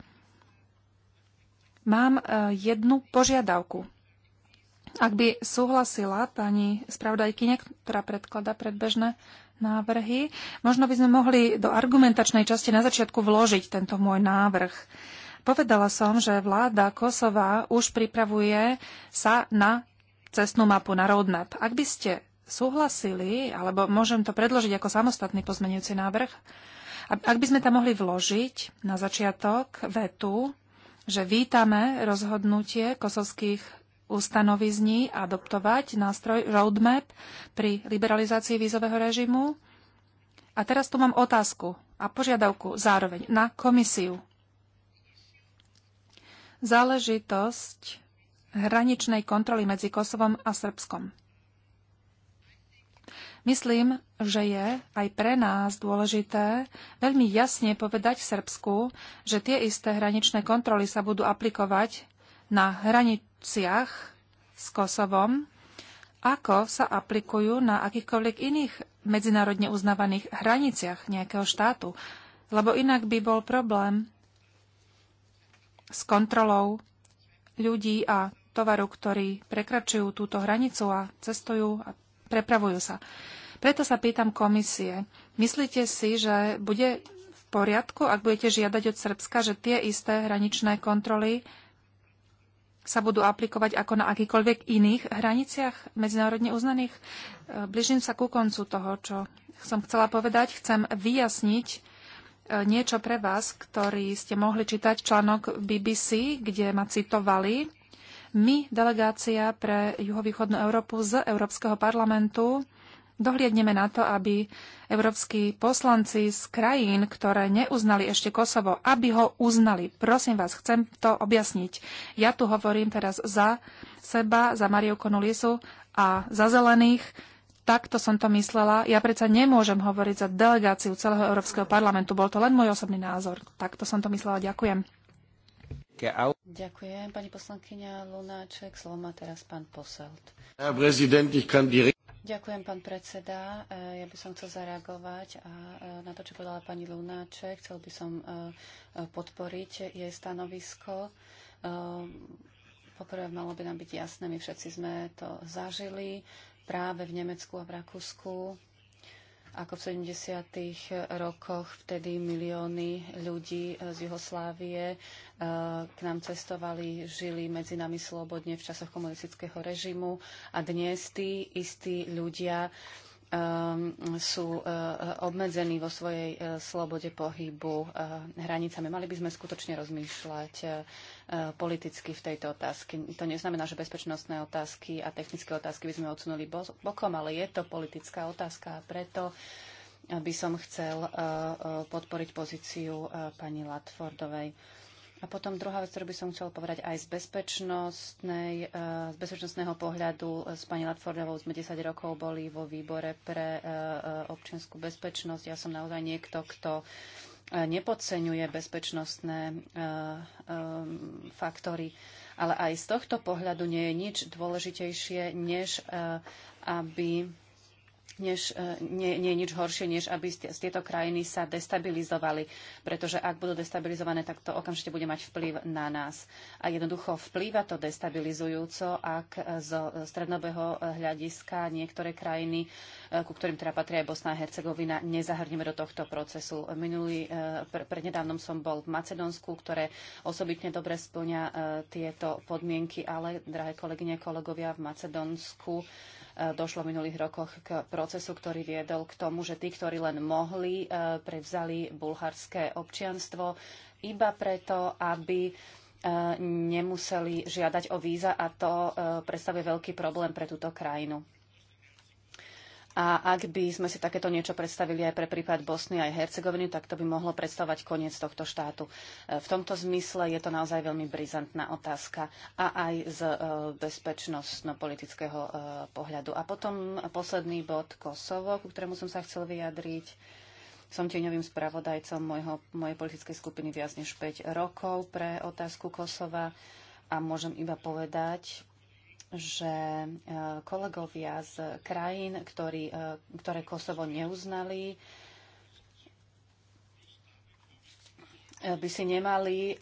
Mám e, jednu požiadavku. Ak by súhlasila pani spravodajkyne, ktorá predklada predbežné návrhy, možno by sme mohli do argumentačnej časti na začiatku vložiť tento môj návrh. Povedala som, že vláda Kosova už pripravuje sa na cestnú mapu, na roadmap. Ak by ste súhlasili, alebo môžem to predložiť ako samostatný pozmenujúci návrh, ak by sme tam mohli vložiť na začiatok vetu, že vítame rozhodnutie kosovských ustanovizní adoptovať nástroj roadmap pri liberalizácii vízového režimu. A teraz tu mám otázku a požiadavku zároveň na komisiu. Záležitosť hraničnej kontroly medzi Kosovom a Srbskom. Myslím, že je aj pre nás dôležité veľmi jasne povedať v Srbsku, že tie isté hraničné kontroly sa budú aplikovať na hraniciach s Kosovom, ako sa aplikujú na akýchkoľvek iných medzinárodne uznávaných hraniciach nejakého štátu, lebo inak by bol problém s kontrolou ľudí a tovaru, ktorí prekračujú túto hranicu a cestujú a prepravujú sa. Preto sa pýtam komisie, myslíte si, že bude v poriadku, ak budete žiadať od Srbska, že tie isté hraničné kontroly sa budú aplikovať ako na akýkoľvek iných hraniciach medzinárodne uznaných. E, Bližím sa ku koncu toho, čo som chcela povedať. Chcem vyjasniť e, niečo pre vás, ktorý ste mohli čítať článok BBC, kde ma citovali my, delegácia pre juhovýchodnú Európu z Európskeho parlamentu, dohliadneme na to, aby európsky poslanci z krajín, ktoré neuznali ešte Kosovo, aby ho uznali. Prosím vás, chcem to objasniť. Ja tu hovorím teraz za seba, za Mariu Konulisu a za zelených. Takto som to myslela. Ja predsa nemôžem hovoriť za delegáciu celého Európskeho parlamentu. Bol to len môj osobný názor. Takto som to myslela. Ďakujem. Ďakujem, pani poslankyňa Lunáček. Slovo má teraz pán Poselt. Ďakujem, pán predseda. E, ja by som chcel zareagovať a e, na to, čo povedala pani Lunáček. Chcel by som e, podporiť jej stanovisko. Poprvé, malo by nám byť jasné, my všetci sme to zažili práve v Nemecku a v Rakúsku ako v 70. rokoch vtedy milióny ľudí e, z Juhoslávie e, k nám cestovali, žili medzi nami slobodne v časoch komunistického režimu a dnes tí istí ľudia Um, sú uh, obmedzení vo svojej uh, slobode pohybu uh, hranicami. Mali by sme skutočne rozmýšľať politicky v tejto otázke. To neznamená, že bezpečnostné otázky a technické otázky by sme odsunuli bokom, ale je to politická otázka a preto by som chcel podporiť pozíciu pani Latfordovej. A potom druhá vec, ktorú by som chcel povedať aj z, bezpečnostnej, e, z bezpečnostného pohľadu. E, s pani Latfordovou sme 10 rokov boli vo výbore pre e, občianskú bezpečnosť. Ja som naozaj niekto, kto nepodceňuje bezpečnostné faktory. Ale aj z tohto pohľadu nie je nič dôležitejšie, než aby než, e, nie, nie je nič horšie, než aby ste, z tieto krajiny sa destabilizovali, pretože ak budú destabilizované, tak to okamžite bude mať vplyv na nás. A jednoducho vplýva to destabilizujúco, ak e, zo e, strednobého hľadiska niektoré krajiny, ku ktorým teda patrí aj Bosna a Hercegovina, nezahrnieme do tohto procesu. Minulý, prednedávnom som bol v Macedónsku, ktoré osobitne dobre splňa tieto podmienky, ale, drahé kolegyne, kolegovia, v Macedónsku E, došlo v minulých rokoch k procesu, ktorý viedol k tomu, že tí, ktorí len mohli, e, prevzali bulharské občianstvo iba preto, aby e, nemuseli žiadať o víza a to predstavuje veľký problém pre túto krajinu. A ak by sme si takéto niečo predstavili aj pre prípad Bosny aj Hercegoviny, tak to by mohlo predstavovať koniec tohto štátu. E, v tomto zmysle je to naozaj veľmi brizantná otázka a aj z e, bezpečnostno-politického e, pohľadu. A potom posledný bod Kosovo, ku ktorému som sa chcel vyjadriť. Som tieňovým spravodajcom mojho, mojej politickej skupiny viac než 5 rokov pre otázku Kosova a môžem iba povedať, že e, kolegovia z krajín, ktorý, e, ktoré Kosovo neuznali, e, by si nemali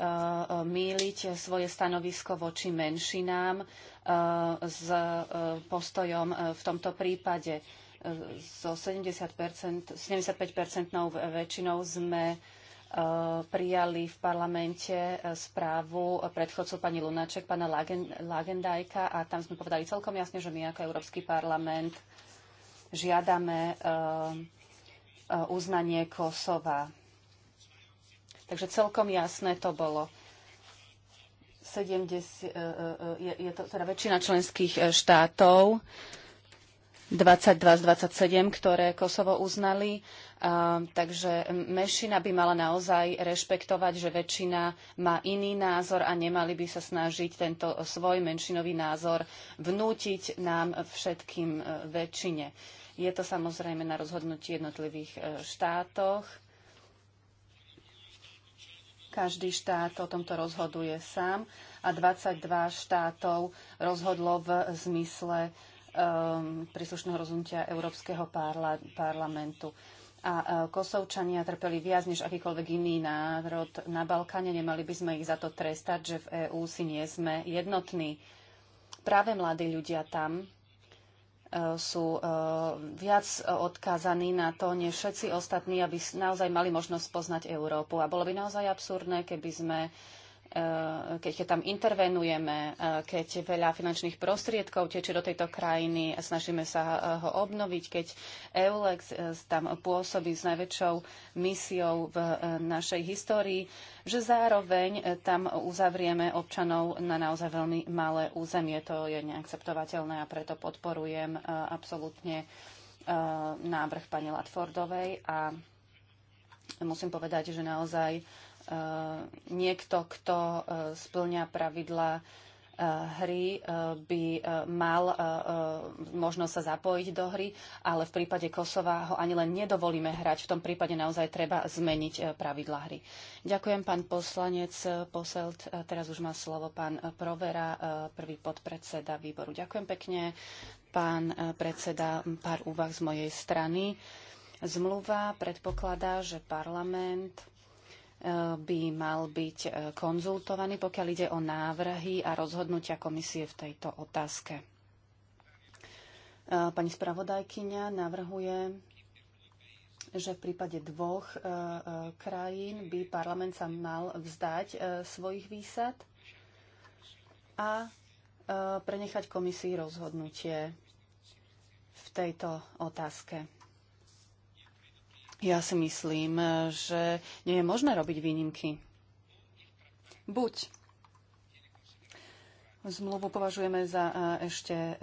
míliť svoje stanovisko voči menšinám s postojom v tomto prípade so 70%, 75 väčšinou sme Eh, prijali v parlamente eh, správu predchodcov pani Lunaček, pána Lagen, Lagendajka a tam sme povedali celkom jasne, že my ako Európsky parlament žiadame eh, uznanie Kosova. Takže celkom jasné to bolo. 70, je, je to teda väčšina členských štátov 22 z 27, ktoré Kosovo uznali. takže menšina by mala naozaj rešpektovať, že väčšina má iný názor a nemali by sa snažiť tento svoj menšinový názor vnútiť nám všetkým e, väčšine. Je to samozrejme na rozhodnutí jednotlivých e, štátoch. Každý štát o tomto rozhoduje sám a 22 štátov rozhodlo v zmysle Um, príslušného rozhodnutia Európskeho parla parlamentu. A uh, Kosovčania trpeli viac než akýkoľvek iný národ na Balkáne. Nemali by sme ich za to trestať, že v EÚ si nie sme jednotní. Práve mladí ľudia tam uh, sú uh, viac odkázaní na to, než všetci ostatní, aby naozaj mali možnosť poznať Európu. A bolo by naozaj absurdné, keby sme Eh, keď tam intervenujeme, eh, keď veľa finančných prostriedkov tečie do tejto krajiny a snažíme sa eh, ho obnoviť, keď EULEX tam pôsobí s najväčšou misiou v našej histórii, že zároveň tam uzavrieme občanov na naozaj veľmi malé územie. To je neakceptovateľné a preto podporujem absolútne návrh pani Latfordovej a musím povedať, že naozaj Eh, niekto, kto eh, splňa pravidla eh, hry by mal možnosť sa zapojiť do hry, ale v prípade Kosova ho ani len nedovolíme hrať. V tom prípade naozaj treba zmeniť pravidla hry. Ďakujem, pán poslanec Poselt. Teraz už má slovo pán Provera, prvý podpredseda výboru. Ďakujem pekne, pán predseda. Pár úvah z mojej strany. Zmluva predpokladá, že parlament by mal byť e, konzultovaný, pokiaľ ide o návrhy a rozhodnutia komisie v tejto otázke. E, pani spravodajkyňa navrhuje, že v prípade dvoch e, krajín by parlament sa mal vzdať svojich výsad a prenechať komisii rozhodnutie v tejto otázke. Ja si myslím, že nie je možné robiť výnimky. Buď Zmluvu považujeme za e, ešte e,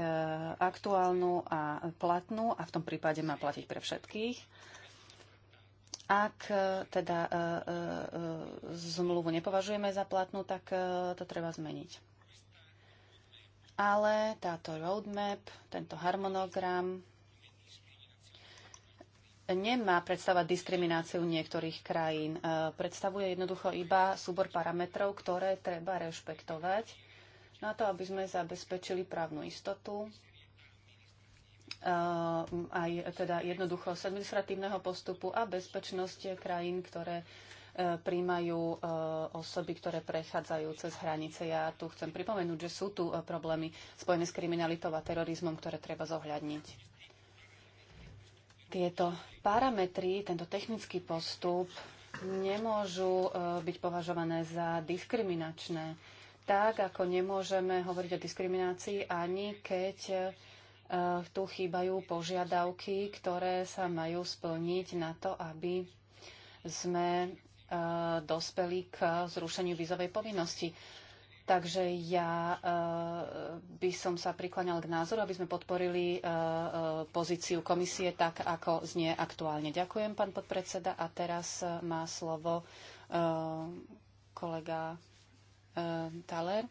aktuálnu a platnú a v tom prípade má platiť pre všetkých. Ak e, teda zmluvu nepovažujeme za platnú, tak to treba zmeniť. Ale táto roadmap, tento harmonogram nemá predstavovať diskrimináciu niektorých krajín. E, predstavuje jednoducho iba súbor parametrov, ktoré treba rešpektovať na to, aby sme zabezpečili právnu istotu e, aj teda jednoduchosť administratívneho postupu a bezpečnosť krajín, ktoré e, príjmajú osoby, ktoré prechádzajú cez hranice. Ja tu chcem pripomenúť, že sú tu problémy spojené s kriminalitou a terorizmom, ktoré treba zohľadniť. Tieto parametry, tento technický postup nemôžu e, byť považované za diskriminačné. Tak, ako nemôžeme hovoriť o diskriminácii ani keď e, tu chýbajú požiadavky, ktoré sa majú splniť na to, aby sme e, dospeli k zrušeniu vízovej povinnosti. Takže ja eh, by som sa prikláňal k názoru, aby sme podporili eh, eh, pozíciu komisie tak, ako znie aktuálne. Ďakujem, pán podpredseda. A teraz má slovo kolega Taler.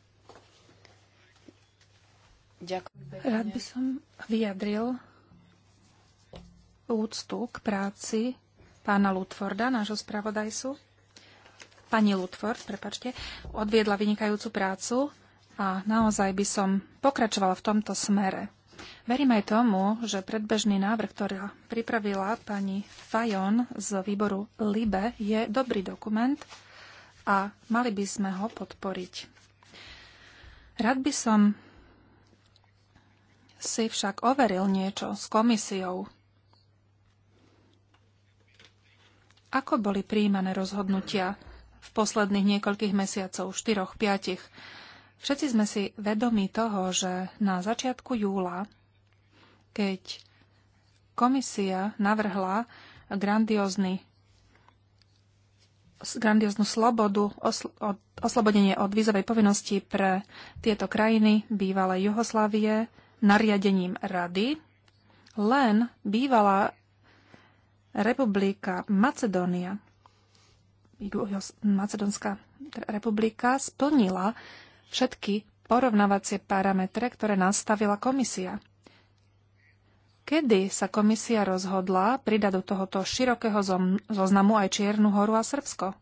Ďakujem. Rád by som vyjadril úctu k práci pána Lutforda, nášho spravodajcu. Pani Lutford, prepačte, odviedla vynikajúcu prácu a naozaj by som pokračovala v tomto smere. Verím aj tomu, že predbežný návrh, ktorý pripravila pani Fajon z výboru LIBE, je dobrý dokument a mali by sme ho podporiť. Rád by som si však overil niečo s komisiou. Ako boli príjmané rozhodnutia? v posledných niekoľkých mesiacov, štyroch, piatich, Všetci sme si vedomi toho, že na začiatku júla, keď komisia navrhla grandiózny grandioznú slobodu, osl- od, oslobodenie od vízovej povinnosti pre tieto krajiny bývalé Juhoslávie nariadením rady. Len bývalá republika Macedónia Macedónska teda republika splnila všetky porovnávacie parametre, ktoré nastavila komisia. Kedy sa komisia rozhodla pridať do tohoto širokého zoznamu aj Čiernu horu a Srbsko?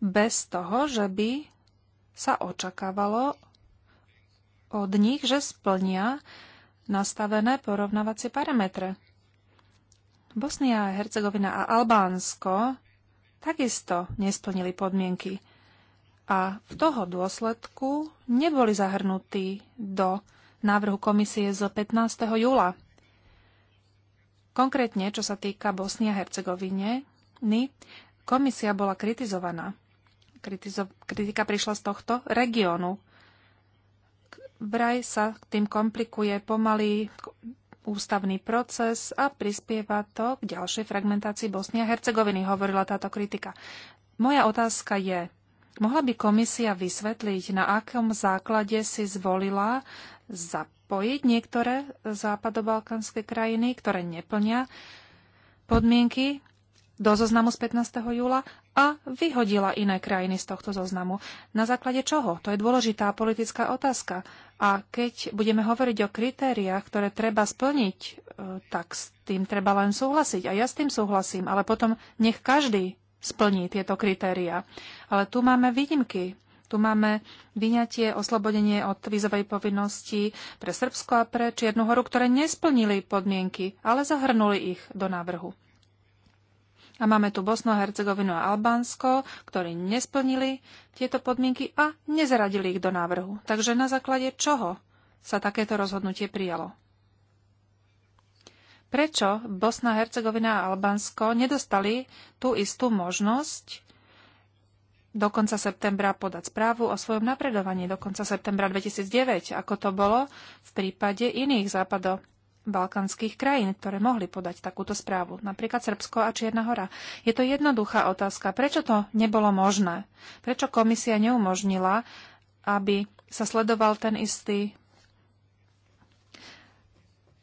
Bez toho, že by sa očakávalo od nich, že splnia nastavené porovnávacie parametre. Bosnia, Hercegovina a Albánsko takisto nesplnili podmienky a v toho dôsledku neboli zahrnutí do návrhu komisie z 15. júla. Konkrétne, čo sa týka Bosny a Hercegoviny, komisia bola kritizovaná. Kritizo- kritika prišla z tohto regiónu. Vraj sa tým komplikuje pomalý ústavný proces a prispieva to k ďalšej fragmentácii Bosny a Hercegoviny, hovorila táto kritika. Moja otázka je, mohla by komisia vysvetliť, na akom základe si zvolila zapojiť niektoré západobalkánske krajiny, ktoré neplnia podmienky do zoznamu z 15. júla a vyhodila iné krajiny z tohto zoznamu. Na základe čoho? To je dôležitá politická otázka. A keď budeme hovoriť o kritériách, ktoré treba splniť, e, tak s tým treba len súhlasiť. A ja s tým súhlasím, ale potom nech každý splní tieto kritéria. Ale tu máme výnimky. Tu máme vyňatie, oslobodenie od vízovej povinnosti pre Srbsko a pre Čiernu horu, ktoré nesplnili podmienky, ale zahrnuli ich do návrhu. A máme tu Bosnu, Hercegovinu a Albánsko, ktorí nesplnili tieto podmienky a nezaradili ich do návrhu. Takže na základe čoho sa takéto rozhodnutie prijalo? Prečo Bosna, Hercegovina a Albánsko nedostali tú istú možnosť do konca septembra podať správu o svojom napredovaní do konca septembra 2009, ako to bolo v prípade iných západov balkanských krajín, ktoré mohli podať takúto správu, napríklad Srbsko a Čierna hora. Je to jednoduchá otázka. Prečo to nebolo možné? Prečo komisia neumožnila, aby sa sledoval ten istý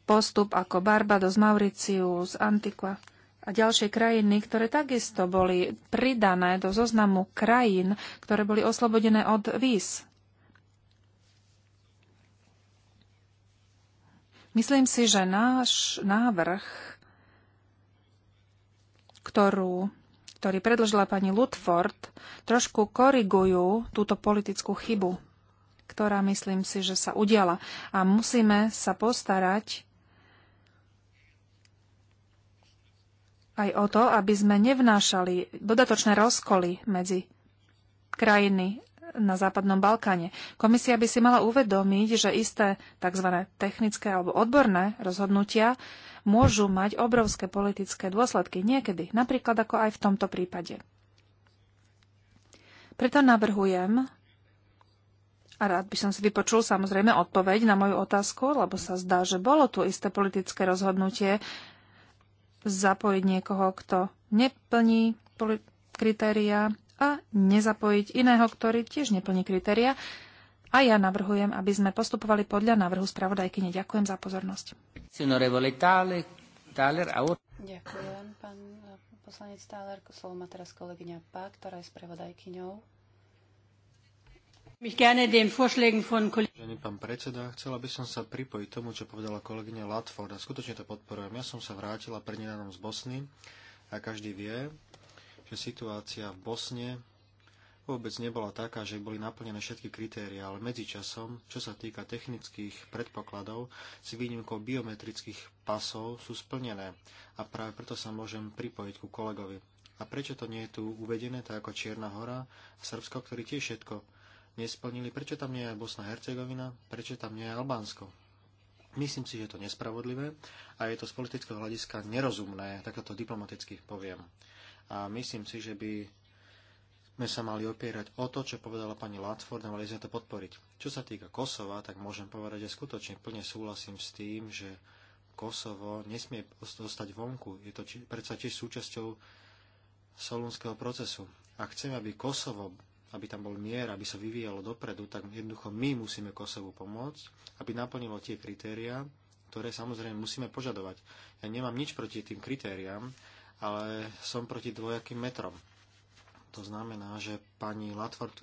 postup ako Barbados, Mauricius, Antiqua a ďalšie krajiny, ktoré takisto boli pridané do zoznamu krajín, ktoré boli oslobodené od víz. Myslím si, že náš návrh, ktorú, ktorý predložila pani Ludford, trošku korigujú túto politickú chybu, ktorá myslím si, že sa udiala. A musíme sa postarať aj o to, aby sme nevnášali dodatočné rozkoly medzi krajiny na Západnom Balkáne. Komisia by si mala uvedomiť, že isté tzv. technické alebo odborné rozhodnutia môžu mať obrovské politické dôsledky niekedy, napríklad ako aj v tomto prípade. Preto navrhujem, a rád by som si vypočul samozrejme odpoveď na moju otázku, lebo sa zdá, že bolo tu isté politické rozhodnutie zapojiť niekoho, kto neplní kritéria a nezapojiť iného, ktorý tiež neplní kritéria. A ja navrhujem, aby sme postupovali podľa návrhu spravodajkyne. Ďakujem za pozornosť. Ďakujem, pán poslanec Táler. Slovo má teraz kolegyňa Pá, ktorá je spravodajkyňou. Pán predseda, chcela by som sa pripojiť tomu, čo povedala kolegyňa Latford a skutočne to podporujem. Ja som sa vrátila prednedávnom z Bosny a každý vie, že situácia v Bosne vôbec nebola taká, že boli naplnené všetky kritéria, ale medzičasom, čo sa týka technických predpokladov, s výnimkou biometrických pasov sú splnené a práve preto sa môžem pripojiť ku kolegovi. A prečo to nie je tu uvedené, tak ako Čierna hora a Srbsko, ktorí tiež všetko nesplnili? Prečo tam nie je Bosna Hercegovina? Prečo tam nie je Albánsko? Myslím si, že je to nespravodlivé a je to z politického hľadiska nerozumné, takto to diplomaticky poviem a myslím si, že by sme sa mali opierať o to, čo povedala pani Latford a mali sme to podporiť. Čo sa týka Kosova, tak môžem povedať, že skutočne plne súhlasím s tým, že Kosovo nesmie zostať vonku. Je to či, predsa tiež súčasťou solúnskeho procesu. A chceme, aby Kosovo, aby tam bol mier, aby sa vyvíjalo dopredu, tak jednoducho my musíme Kosovu pomôcť, aby naplnilo tie kritériá, ktoré samozrejme musíme požadovať. Ja nemám nič proti tým kritériám, ale som proti dvojakým metrom. To znamená, že pani Latford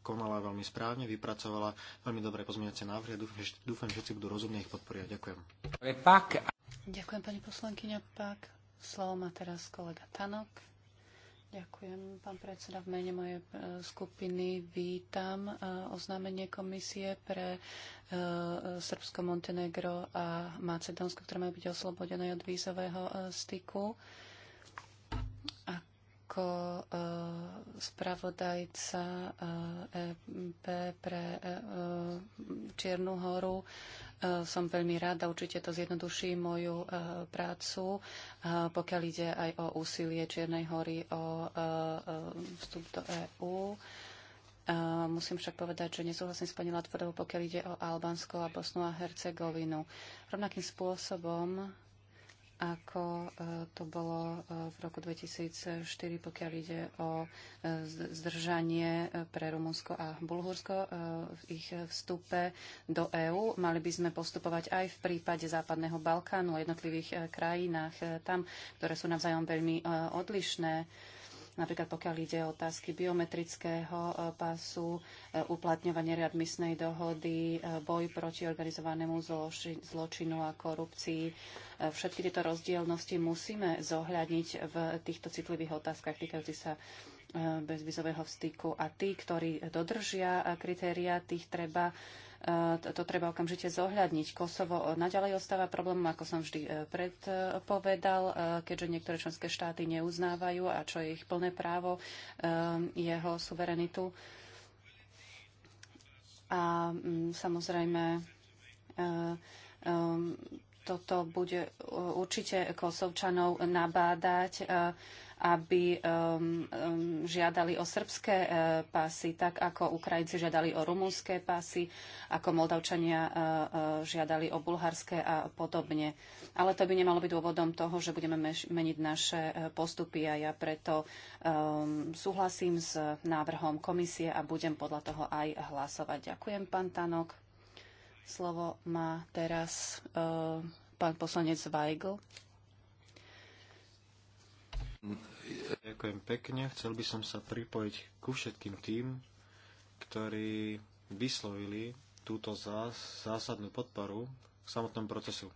konala veľmi správne, vypracovala veľmi dobré pozmeňovacie návrhy a dúfam, dúfam, že všetci budú rozumne ich podporiť. Ďakujem. Ďakujem, pani poslankyňa Pak. Slovo má teraz kolega Tanok. Ďakujem, pán predseda. V mene mojej e, skupiny vítam e, oznámenie komisie pre e, Srbsko, Montenegro a Macedónsko, ktoré majú byť oslobodené od vízového styku ako eh, spravodajca EP eh, e pre eh, Čiernu horu som veľmi rada, určite to zjednoduší moju prácu, pokiaľ ide aj o úsilie Čiernej hory o vstup do EÚ. Musím však povedať, že nesúhlasím s pani Latvorovou, pokiaľ ide o Albánsko a Bosnu a Hercegovinu. Rovnakým spôsobom ako e, to bolo e, v roku 2004, pokiaľ ide o e, zdržanie pre Rumunsko a Bulhursko v ich vstupe do EÚ. Mali by sme postupovať aj v prípade Západného Balkánu a jednotlivých krajinách tam, ktoré sú navzájom veľmi odlišné napríklad pokiaľ ide o otázky biometrického e, pasu, e, uplatňovanie readmisnej dohody, e, boj proti organizovanému zločinu a korupcii. Všetky tieto rozdielnosti musíme zohľadniť v týchto citlivých otázkach týkajúcich sa bezvizového styku. A tí, ktorí dodržia kritéria, tých treba E, to treba okamžite zohľadniť. Kosovo naďalej ostáva problémom, ako som vždy e, predpovedal, e, keďže niektoré členské štáty neuznávajú a čo je ich plné právo, jeho suverenitu. A mm, samozrejme, toto bude určite Kosovčanov nabádať aby um, um, žiadali o srbské uh, e, pasy, tak ako Ukrajinci žiadali o rumúnske pasy, ako Moldavčania uh, uh, žiadali o bulharské a podobne. Ale to by nemalo byť dôvodom toho, že budeme meniť naše postupy a ja preto um, súhlasím s návrhom komisie a budem podľa toho aj hlasovať. Ďakujem, pán Tanok. Slovo má teraz pán poslanec Weigl. Ďakujem pekne. Chcel by som sa pripojiť ku všetkým tým, ktorí vyslovili túto zásadnú podporu k samotnom procesu.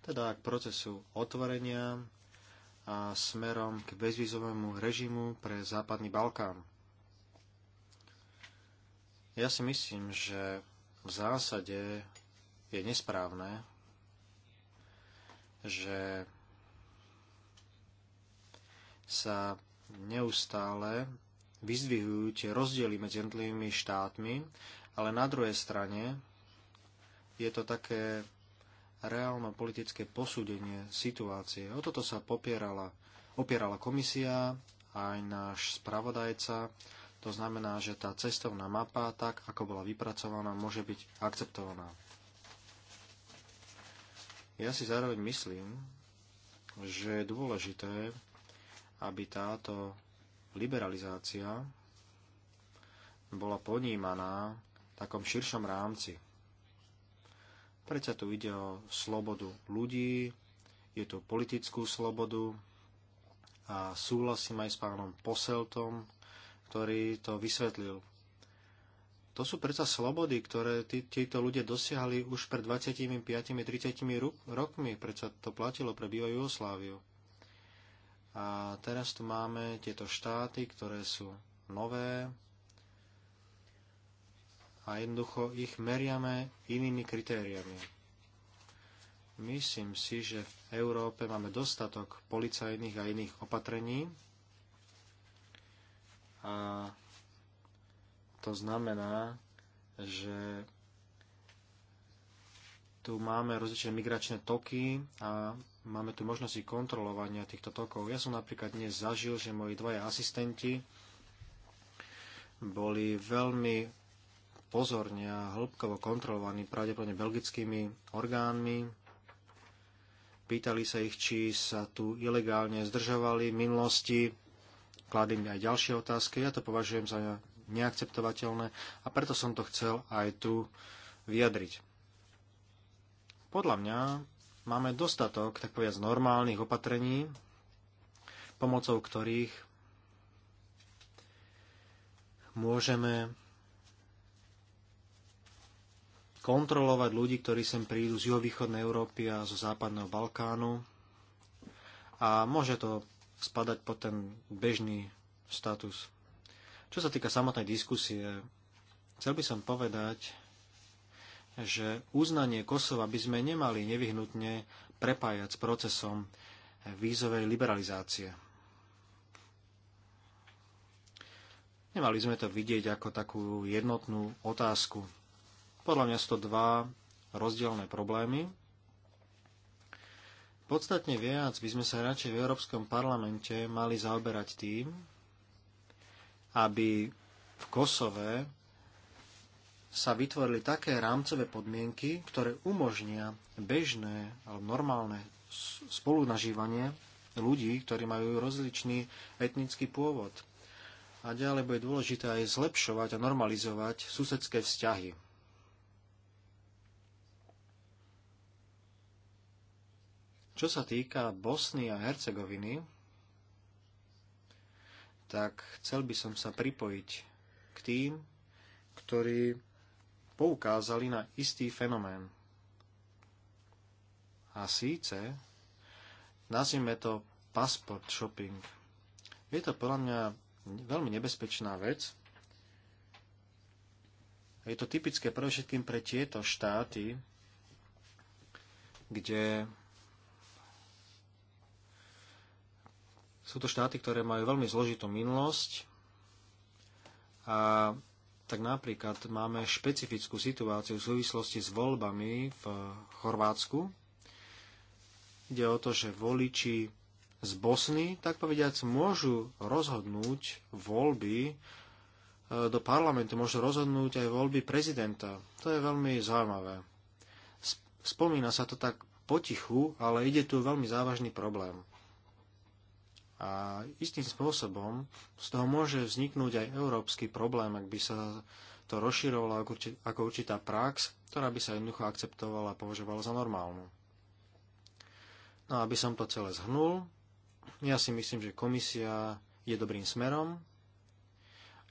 Teda k procesu otvorenia a smerom k bezvízovému režimu pre Západný Balkán. Ja si myslím, že v zásade je nesprávne, že sa neustále vyzdvihujú tie rozdiely medzi jednotlivými štátmi, ale na druhej strane je to také reálno-politické posúdenie situácie. O toto sa popierala, opierala komisia, aj náš spravodajca. To znamená, že tá cestovná mapa, tak ako bola vypracovaná, môže byť akceptovaná. Ja si zároveň myslím, že je dôležité aby táto liberalizácia bola ponímaná v takom širšom rámci. Predsa tu ide o slobodu ľudí, je tu politickú slobodu a súhlasím aj s pánom Poseltom, ktorý to vysvetlil. To sú predsa slobody, ktoré tí, títo ľudia dosiahli už pred 25-30 rokmi, predsa to platilo pre býva Jugosláviu. A teraz tu máme tieto štáty, ktoré sú nové a jednoducho ich meriame inými kritériami. Myslím si, že v Európe máme dostatok policajných a iných opatrení a to znamená, že tu máme rozličné migračné toky a máme tu možnosti kontrolovania týchto tokov. Ja som napríklad dnes zažil, že moji dvaja asistenti boli veľmi pozorne a hĺbkovo kontrolovaní pravdepodobne belgickými orgánmi. Pýtali sa ich, či sa tu ilegálne zdržovali v minulosti. kladím aj ďalšie otázky. Ja to považujem za neakceptovateľné a preto som to chcel aj tu vyjadriť. Podľa mňa máme dostatok, tak povedať, normálnych opatrení, pomocou ktorých môžeme kontrolovať ľudí, ktorí sem prídu z juhovýchodnej Európy a zo západného Balkánu. A môže to spadať pod ten bežný status. Čo sa týka samotnej diskusie, chcel by som povedať, že uznanie Kosova by sme nemali nevyhnutne prepájať s procesom vízovej liberalizácie. Nemali sme to vidieť ako takú jednotnú otázku. Podľa mňa sú to dva rozdielne problémy. Podstatne viac by sme sa radšej v Európskom parlamente mali zaoberať tým, aby v Kosove sa vytvorili také rámcové podmienky, ktoré umožnia bežné alebo normálne spolunažívanie ľudí, ktorí majú rozličný etnický pôvod. A ďalej bude dôležité aj zlepšovať a normalizovať susedské vzťahy. Čo sa týka Bosny a Hercegoviny, tak chcel by som sa pripojiť k tým, ktorí poukázali na istý fenomén. A síce, nazvime to passport shopping. Je to podľa mňa veľmi nebezpečná vec. Je to typické pre všetkým pre tieto štáty, kde sú to štáty, ktoré majú veľmi zložitú minulosť a tak napríklad máme špecifickú situáciu v súvislosti s voľbami v Chorvátsku. Ide o to, že voliči z Bosny, tak povediac, môžu rozhodnúť voľby e, do parlamentu, môžu rozhodnúť aj voľby prezidenta. To je veľmi zaujímavé. Spomína sa to tak potichu, ale ide tu veľmi závažný problém. A istým spôsobom z toho môže vzniknúť aj európsky problém, ak by sa to rozširovalo ako určitá prax, ktorá by sa jednoducho akceptovala a považovala za normálnu. No aby som to celé zhnul, ja si myslím, že komisia je dobrým smerom.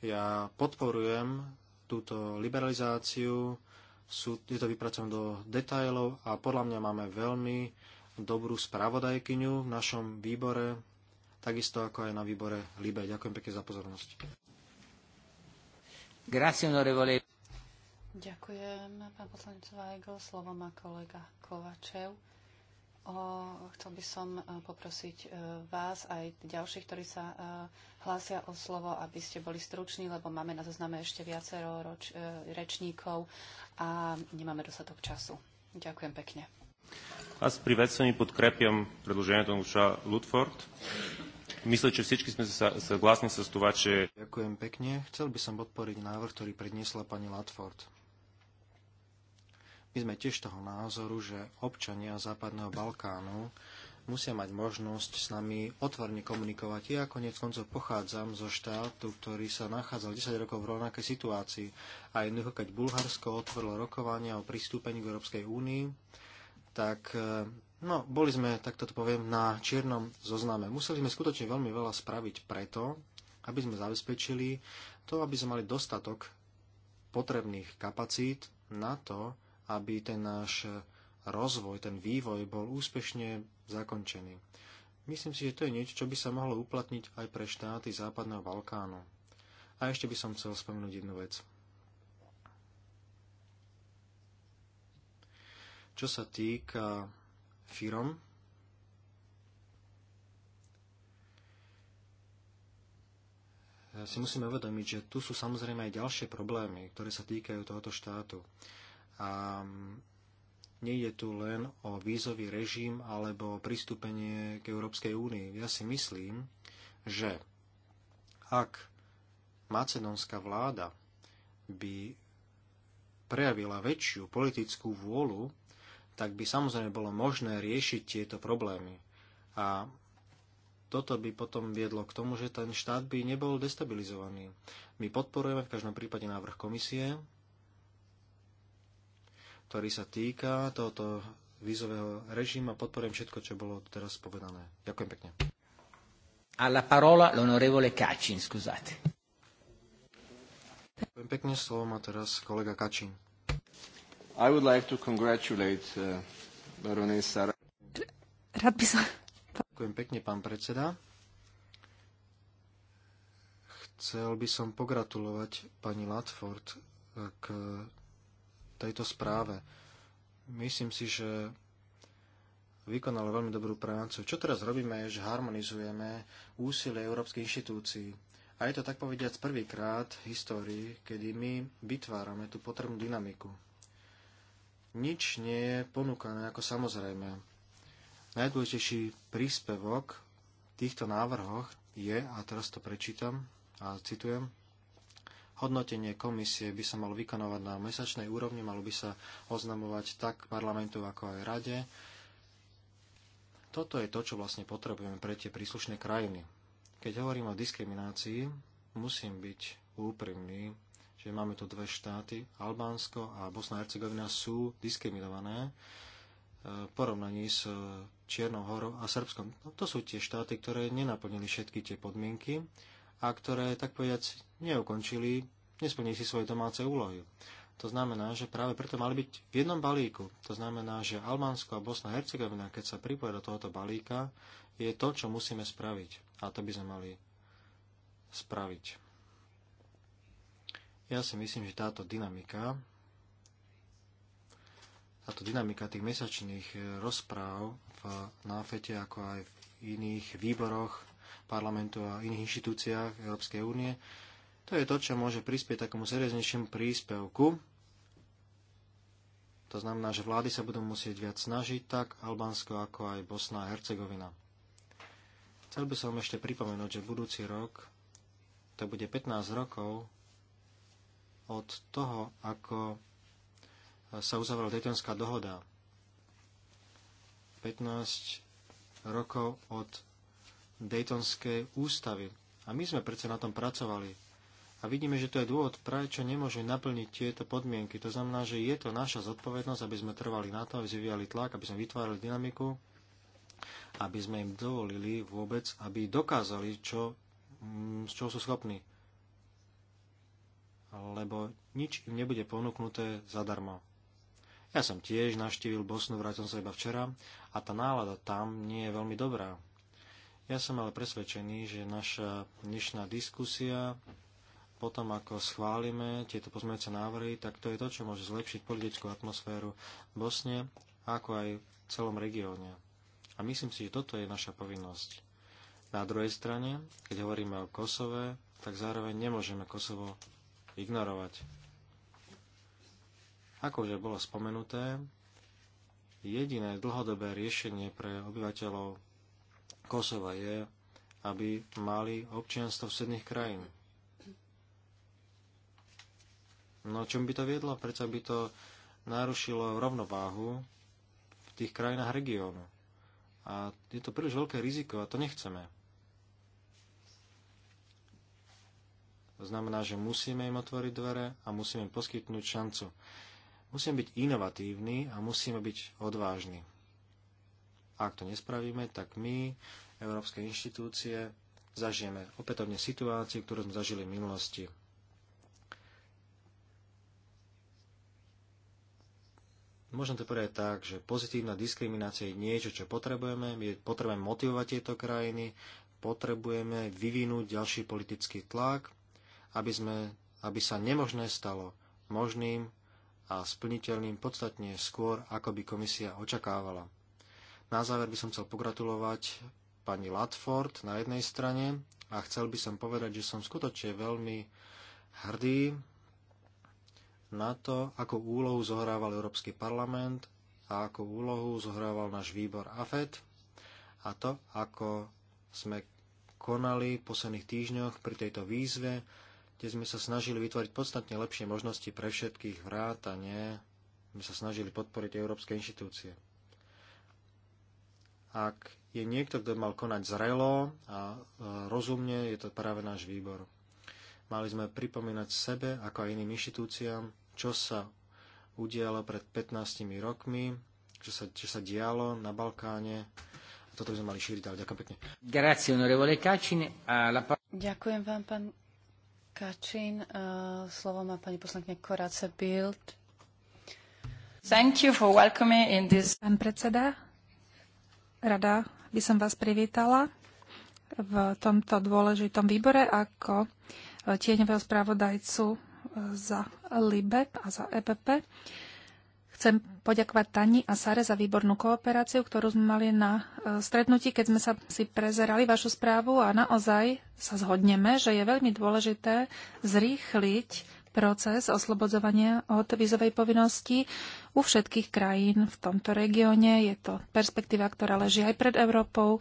Ja podporujem túto liberalizáciu, sú, je to vypracované do detajlov a podľa mňa máme veľmi dobrú spravodajkyňu v našom výbore, takisto ako aj na výbore LIBE. Ďakujem pekne za pozornosť. Ďakujem, pán poslanec Vajgo. Slovo má kolega Kovačev. O, chcel by som e, poprosiť e, vás aj ďalších, ktorí sa e, hlásia o slovo, aby ste boli struční, lebo máme na zozname ešte viacero roč, rečníkov a nemáme dostatok času. Ďakujem pekne. Vás pri vecení podkrepiam предложението tomu госпожа Ludford. Myslím, že všetci sme sa súhlasní s tým, že... Ďakujem pekne. Chcel by som podporiť návrh, ktorý predniesla pani Latford. My sme tiež toho názoru, že občania Západného Balkánu musia mať možnosť s nami otvorene komunikovať. Ja konec koncov pochádzam zo štátu, ktorý sa nachádzal 10 rokov v rovnakej situácii. A jednoducho, keď Bulharsko otvorilo rokovania o pristúpení k Európskej únii, tak No, boli sme, takto to poviem, na čiernom zozname. Museli sme skutočne veľmi veľa spraviť preto, aby sme zabezpečili to, aby sme mali dostatok potrebných kapacít na to, aby ten náš rozvoj, ten vývoj bol úspešne zakončený. Myslím si, že to je niečo, čo by sa mohlo uplatniť aj pre štáty Západného Balkánu. A ešte by som chcel spomenúť jednu vec. Čo sa týka firom. Si musíme uvedomiť, že tu sú samozrejme aj ďalšie problémy, ktoré sa týkajú tohoto štátu. A mm, nejde tu len o vízový režim alebo pristúpenie k Európskej únii. Ja si myslím, že ak macedónska vláda by prejavila väčšiu politickú vôľu tak by samozrejme bolo možné riešiť tieto problémy. A toto by potom viedlo k tomu, že ten štát by nebol destabilizovaný. My podporujeme v každom prípade návrh komisie, ktorý sa týka tohoto vízového režima. Podporujem všetko, čo bolo teraz povedané. Ďakujem pekne. Alla parola l'onorevole Kacin, scusate. Ďakujem pekne, slovo má teraz kolega Kacin. I would like to congratulate uh, Rád by som... Ďakujem pekne, pán predseda. Chcel by som pogratulovať pani Latford uh, k tejto správe. Myslím si, že vykonala veľmi dobrú prácu. Čo teraz robíme je, že harmonizujeme úsilie európskych inštitúcií. A je to tak povediať prvýkrát v histórii, kedy my vytvárame tú potrebnú dynamiku nič nie je ponúkané ako samozrejme. Najdôležitejší príspevok v týchto návrhoch je, a teraz to prečítam a citujem, hodnotenie komisie by sa malo vykonovať na mesačnej úrovni, malo by sa oznamovať tak parlamentu, ako aj rade. Toto je to, čo vlastne potrebujeme pre tie príslušné krajiny. Keď hovorím o diskriminácii, musím byť úprimný že máme tu dve štáty, Albánsko a Bosna a Hercegovina sú diskriminované e, v porovnaní s e, Čiernou horou a Srbskom. No, to sú tie štáty, ktoré nenaplnili všetky tie podmienky a ktoré, tak povedať, neukončili, nesplnili si svoje domáce úlohy. To znamená, že práve preto mali byť v jednom balíku. To znamená, že Albánsko a Bosna a Hercegovina, keď sa pripoja do tohoto balíka, je to, čo musíme spraviť. A to by sme mali spraviť. Ja si myslím, že táto dynamika, táto dynamika tých mesačných e, rozpráv v náfete, ako aj v iných výboroch parlamentu a iných inštitúciách Európskej únie, to je to, čo môže prispieť takomu serieznejšiemu príspevku. To znamená, že vlády sa budú musieť viac snažiť, tak Albánsko ako aj Bosna a Hercegovina. Chcel by som ešte pripomenúť, že budúci rok to bude 15 rokov, od toho, ako sa uzavrela Daytonská dohoda. 15 rokov od Daytonskej ústavy. A my sme predsa na tom pracovali. A vidíme, že to je dôvod, prečo nemôže naplniť tieto podmienky. To znamená, že je to naša zodpovednosť, aby sme trvali na to, aby sme vyvíjali tlak, aby sme vytvárali dynamiku, aby sme im dovolili vôbec, aby dokázali, čo, mm, z čoho sú schopní lebo nič im nebude ponúknuté zadarmo. Ja som tiež navštívil Bosnu, vrátil sa iba včera a tá nálada tam nie je veľmi dobrá. Ja som ale presvedčený, že naša dnešná diskusia, potom ako schválime tieto pozmeňujúce návrhy, tak to je to, čo môže zlepšiť politickú atmosféru v Bosne, ako aj v celom regióne. A myslím si, že toto je naša povinnosť. Na druhej strane, keď hovoríme o Kosove, tak zároveň nemôžeme Kosovo ignorovať. Ako už bolo spomenuté, jediné dlhodobé riešenie pre obyvateľov Kosova je, aby mali občianstvo sedných krajín. No čom by to viedlo? Prečo by to narušilo rovnováhu v tých krajinách regiónu. A je to príliš veľké riziko a to nechceme. To znamená, že musíme im otvoriť dvere a musíme im poskytnúť šancu. Musíme byť inovatívni a musíme byť odvážni. A ak to nespravíme, tak my, európske inštitúcie, zažijeme opätovne situáciu, ktorú sme zažili v minulosti. Možno to povedať tak, že pozitívna diskriminácia je niečo, čo potrebujeme. My potrebujeme motivovať tieto krajiny, potrebujeme vyvinúť ďalší politický tlak aby, sme, aby sa nemožné stalo možným a splniteľným podstatne skôr, ako by komisia očakávala. Na záver by som chcel pogratulovať pani Latford na jednej strane a chcel by som povedať, že som skutočne veľmi hrdý na to, akú úlohu zohrával Európsky parlament a ako úlohu zohrával náš výbor AFED a to, ako sme konali v posledných týždňoch pri tejto výzve kde sme sa snažili vytvoriť podstatne lepšie možnosti pre všetkých vrátane, sme sa snažili podporiť európske inštitúcie. Ak je niekto, kto mal konať zrelo a e, rozumne, je to práve náš výbor. Mali sme pripomínať sebe, ako aj iným inštitúciám, čo sa udialo pred 15 rokmi, čo sa, čo sa dialo na Balkáne, a toto by sme mali šíriť, ale ďakujem pekne. Ďakujem vám, pán Kačín. Eh, slovo má pani poslankyňa Korace Bild. Thank you for welcoming in this... Pán predseda, rada by som vás privítala v tomto dôležitom výbore ako eh, tieňového spravodajcu eh, za LIBE a za EPP. Chcem poďakovať Tani a Sare za výbornú kooperáciu, ktorú sme mali na e, stretnutí, keď sme sa si prezerali vašu správu a naozaj sa zhodneme, že je veľmi dôležité zrýchliť proces oslobodzovania od vízovej povinnosti u všetkých krajín v tomto regióne. Je to perspektíva, ktorá leží aj pred Európou.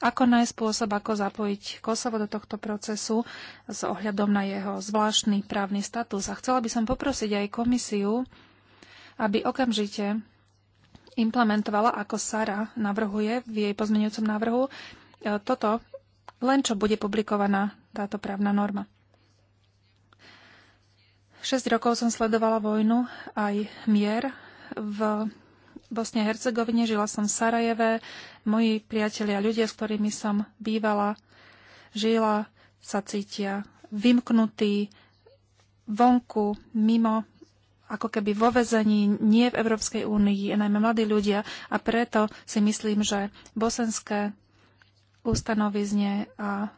Ako nájsť spôsob, ako zapojiť Kosovo do tohto procesu s ohľadom na jeho zvláštny právny status. A chcela by som poprosiť aj komisiu, aby okamžite implementovala, ako Sara navrhuje v jej pozmeňujúcom návrhu, e, toto, len čo bude publikovaná táto právna norma. 6 rokov som sledovala vojnu aj mier v Bosne a Hercegovine, žila som v Sarajeve, moji priatelia, ľudia, s ktorými som bývala, žila, sa cítia vymknutí vonku, mimo ako keby vo vezení, nie v Európskej únii, najmä mladí ľudia. A preto si myslím, že bosenské ustanovizne a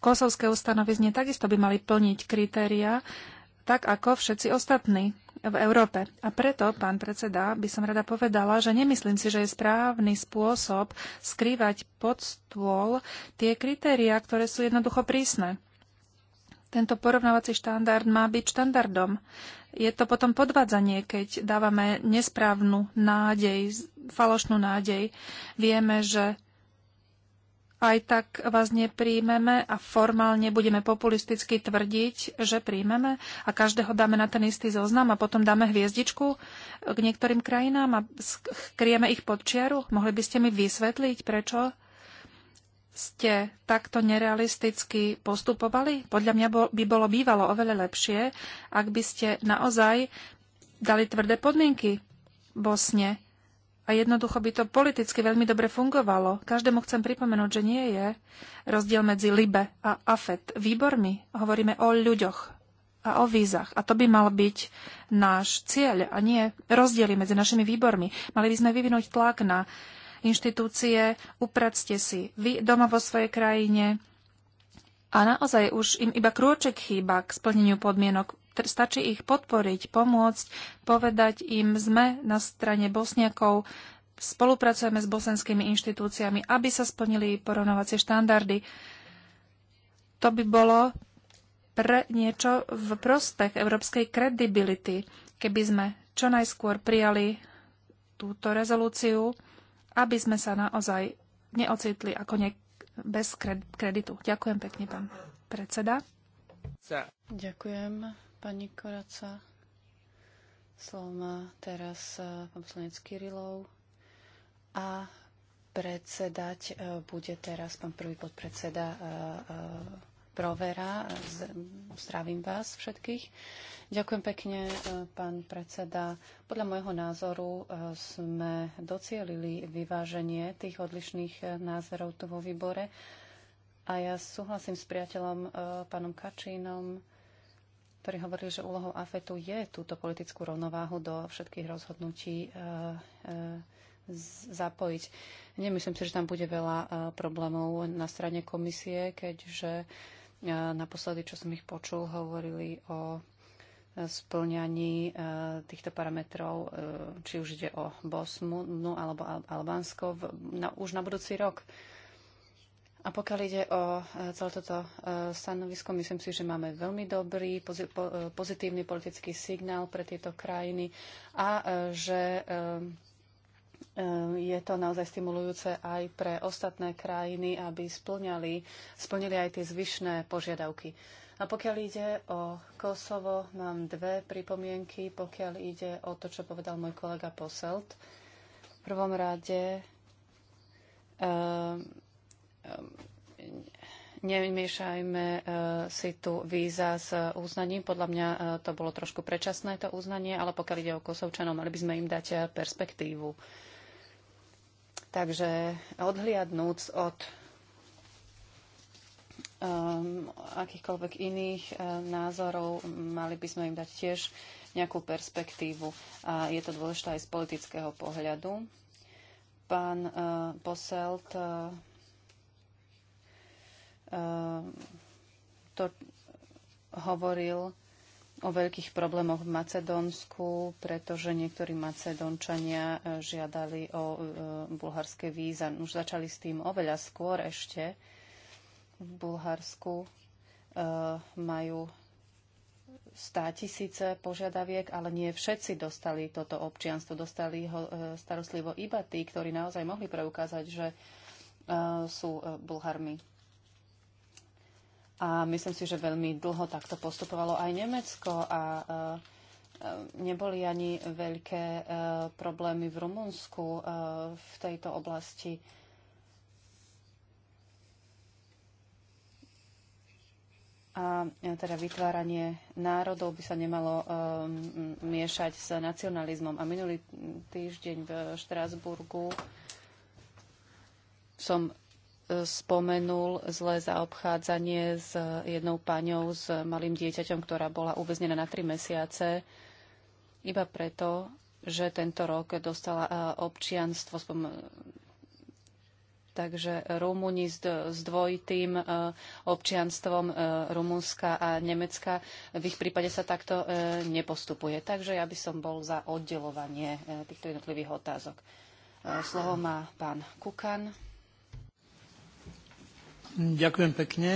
kosovské ustanovizne takisto by mali plniť kritéria, tak ako všetci ostatní v Európe. A preto, pán predseda, by som rada povedala, že nemyslím si, že je správny spôsob skrývať pod stôl tie kritéria, ktoré sú jednoducho prísne. Tento porovnávací štandard má byť štandardom. Je to potom podvádzanie, keď dávame nesprávnu nádej, falošnú nádej. Vieme, že aj tak vás nepríjmeme a formálne budeme populisticky tvrdiť, že príjmeme a každého dáme na ten istý zoznam a potom dáme hviezdičku k niektorým krajinám a skrieme ich pod čiaru. Mohli by ste mi vysvetliť, prečo ste takto nerealisticky postupovali? Podľa mňa by bolo bývalo oveľa lepšie, ak by ste naozaj dali tvrdé podmienky Bosne. A jednoducho by to politicky veľmi dobre fungovalo. Každému chcem pripomenúť, že nie je rozdiel medzi Libe a AFET. Výbormi hovoríme o ľuďoch a o vízach. A to by mal byť náš cieľ a nie rozdiely medzi našimi výbormi. Mali by sme vyvinúť tlak na uh, inštitúcie, upracte si vy doma vo svojej krajine a naozaj už im iba krôček chýba k splneniu podmienok. Stačí ich podporiť, pomôcť, povedať im, sme na strane Bosniakov, spolupracujeme s bosenskými inštitúciami, aby sa splnili porovnovacie štandardy. To by bolo pre niečo v prospech európskej kredibility, keby sme čo najskôr prijali túto rezolúciu aby sme sa naozaj neocitli ako ne- bez kreditu. Ďakujem pekne, pán predseda. Ďakujem, pani Koraca. Slovo má teraz e, pán poslanec Kirilov a predsedať e, bude teraz pán prvý podpredseda e, Provera. Zdravím vás všetkých. Ďakujem pekne, e, pán predseda. Podľa môjho názoru e, sme docielili vyváženie tých odlišných e, názorov tu vo výbore. A ja súhlasím s priateľom pánom Kačínom, ktorý hovorí, že úlohou AFETu je túto politickú rovnováhu do všetkých rozhodnutí zapojiť. Nemyslím si, že tam bude veľa problémov na strane komisie, keďže Naposledy, čo som ich počul, hovorili o splňaní e, týchto parametrov, e, či už ide o Bosnu no, alebo Albánsko, už na budúci rok. A pokiaľ ide o e, celé toto stanovisko, myslím si, že máme veľmi dobrý pozitívny politický signál pre tieto krajiny a že Ehm, je to naozaj stimulujúce aj pre ostatné krajiny, aby splňali, splnili aj tie zvyšné požiadavky. A pokiaľ ide o Kosovo, mám dve pripomienky, pokiaľ ide o to, čo povedal môj kolega Poselt. V prvom rade um, nemiešajme si tu víza s uznaním. Podľa mňa to bolo trošku predčasné to uznanie, ale pokiaľ ide o Kosovčanov, mali by sme im dať perspektívu Takže odhliadnúc od um, akýchkoľvek iných uh, názorov, mali by sme im dať tiež nejakú perspektívu. A je to dôležité aj z politického pohľadu. Pán uh, Poselt uh, uh, to hovoril o veľkých problémoch v Macedónsku, pretože niektorí Macedónčania e, žiadali o e, bulharské víza. Už začali s tým oveľa skôr ešte. V Bulharsku e, majú stá tisíce požiadaviek, ale nie všetci dostali toto občianstvo. Dostali ho e, starostlivo iba tí, ktorí naozaj mohli preukázať, že e, sú e, Bulharmi. A myslím si, že veľmi dlho takto postupovalo aj Nemecko a e, e, neboli ani veľké e, problémy v Rumunsku v tejto oblasti. a teda vytváranie národov by sa nemalo miešať s nacionalizmom. A minulý týždeň v Štrásburgu som spomenul zlé zaobchádzanie s jednou paňou s malým dieťaťom, ktorá bola uväznená na tri mesiace, iba preto, že tento rok dostala e, občianstvo. Takže Rumúni s dvojitým e, občianstvom e, Rumúnska a Nemecka, v ich prípade sa takto nepostupuje. Takže ja by som bol za oddelovanie týchto jednotlivých otázok. Slovo má pán Kukan. Ďakujem pekne.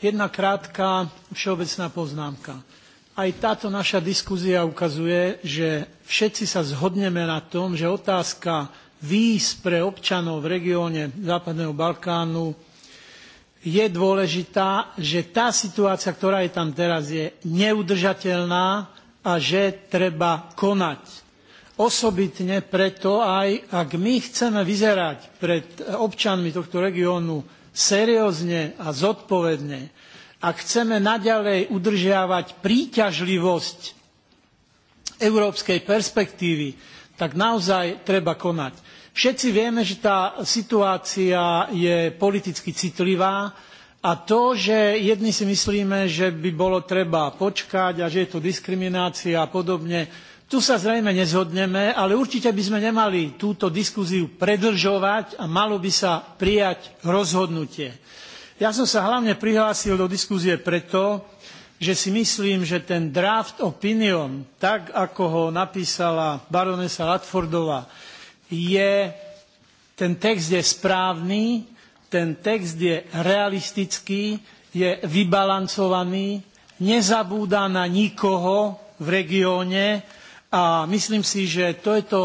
Jedna krátka všeobecná poznámka. Aj táto naša diskuzia ukazuje, že všetci sa zhodneme na tom, že otázka víz pre občanov v regióne Západného Balkánu je dôležitá, že tá situácia, ktorá je tam teraz, je neudržateľná a že treba konať. Osobitne preto aj, ak my chceme vyzerať pred občanmi tohto regiónu seriózne a zodpovedne, ak chceme naďalej udržiavať príťažlivosť európskej perspektívy, tak naozaj treba konať. Všetci vieme, že tá situácia je politicky citlivá a to, že jedni si myslíme, že by bolo treba počkať a že je to diskriminácia a podobne, tu sa zrejme nezhodneme, ale určite by sme nemali túto diskuziu predlžovať a malo by sa prijať rozhodnutie. Ja som sa hlavne prihlásil do diskusie preto, že si myslím, že ten draft opinion, tak ako ho napísala baronesa Latfordová, je, ten text je správny, ten text je realistický, je vybalancovaný, nezabúda na nikoho v regióne, a myslím si, že to je to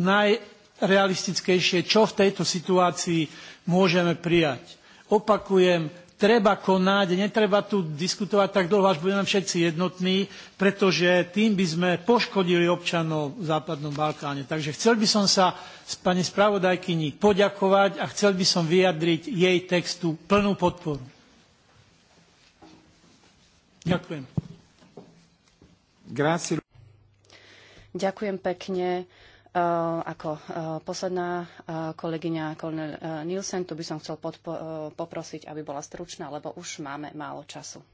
najrealistickejšie, čo v tejto situácii môžeme prijať. Opakujem, treba konať, netreba tu diskutovať tak dlho, až budeme všetci jednotní, pretože tým by sme poškodili občanov v Západnom Balkáne. Takže chcel by som sa s pani spravodajkyni poďakovať a chcel by som vyjadriť jej textu plnú podporu. Ďakujem. Grazie. Ďakujem pekne. E, ako e, posledná e, kolegyňa Kolnel Nielsen, tu by som chcel poprosiť, aby bola stručná, lebo už máme málo času.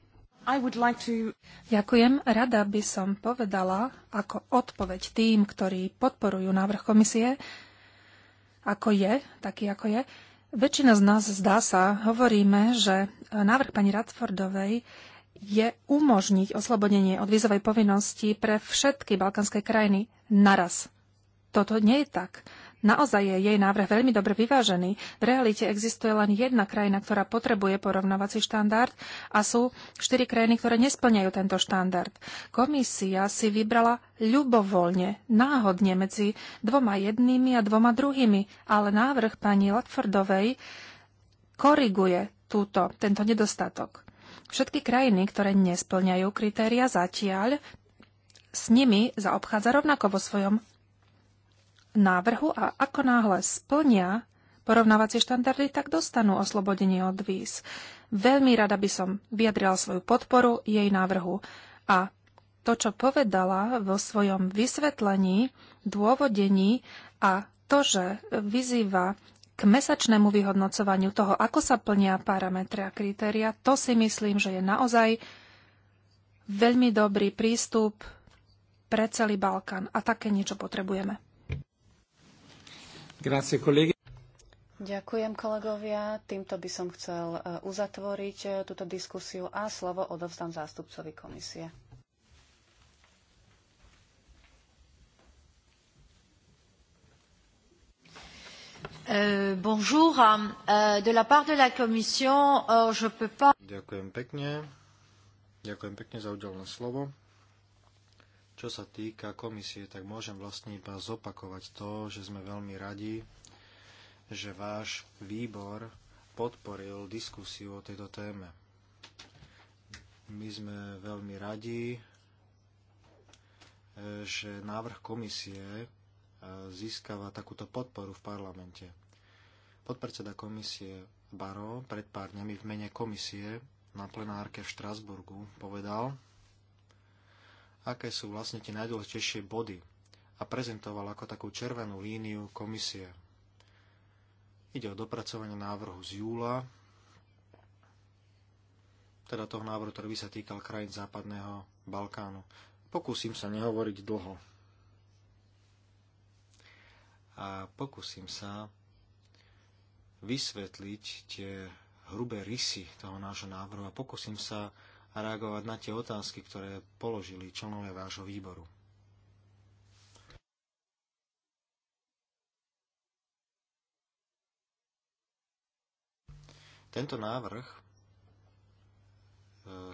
Like to... Ďakujem. Rada by som povedala ako odpoveď tým, ktorí podporujú návrh komisie, ako je, taký ako je. Väčšina z nás, zdá sa, hovoríme, že návrh pani Radfordovej je umožniť oslobodenie od vízovej povinnosti pre všetky balkánske krajiny naraz. Toto nie je tak. Naozaj je jej návrh veľmi dobre vyvážený. V realite existuje len jedna krajina, ktorá potrebuje porovnávací štandard a sú štyri krajiny, ktoré nesplňajú tento štandard. Komisia si vybrala ľubovoľne, náhodne medzi dvoma jednými a dvoma druhými, ale návrh pani Latfordovej koriguje túto, tento nedostatok. Všetky krajiny, ktoré nesplňajú kritéria zatiaľ, s nimi zaobchádza rovnako vo svojom návrhu a ako náhle splnia porovnávacie štandardy, tak dostanú oslobodenie od víz. Veľmi rada by som vyjadrila svoju podporu jej návrhu a to, čo povedala vo svojom vysvetlení, dôvodení a to, že vyzýva k mesačnému vyhodnocovaniu toho, ako sa plnia parametre a kritéria, to si myslím, že je naozaj veľmi dobrý prístup pre celý Balkán a také niečo potrebujeme. Grazie, kolegy. Ďakujem kolegovia. Týmto by som chcel e, uzatvoriť e, túto diskusiu a slovo odovzdám zástupcovi komisie. Euh, bonjour. Euh, de la part de la Commission, euh, peux pas... Ďakujem pekne. Ďakujem pekne za udelené slovo. Čo sa týka komisie, tak môžem vlastne iba zopakovať to, že sme veľmi radi, že váš výbor podporil diskusiu o tejto téme. My sme veľmi radi, e, že návrh komisie získava takúto podporu v parlamente. Podpredseda komisie Baro pred pár dňami v mene komisie na plenárke v Štrasburgu povedal, aké sú vlastne tie najdôležitejšie body a prezentoval ako takú červenú líniu komisie. Ide o dopracovanie návrhu z júla, teda toho návrhu, ktorý by sa týkal krajín západného Balkánu. Pokúsim sa nehovoriť dlho a pokúsim sa vysvetliť tie hrubé rysy toho nášho návrhu a pokúsim sa reagovať na tie otázky, ktoré položili členovia vášho výboru. Tento návrh, e,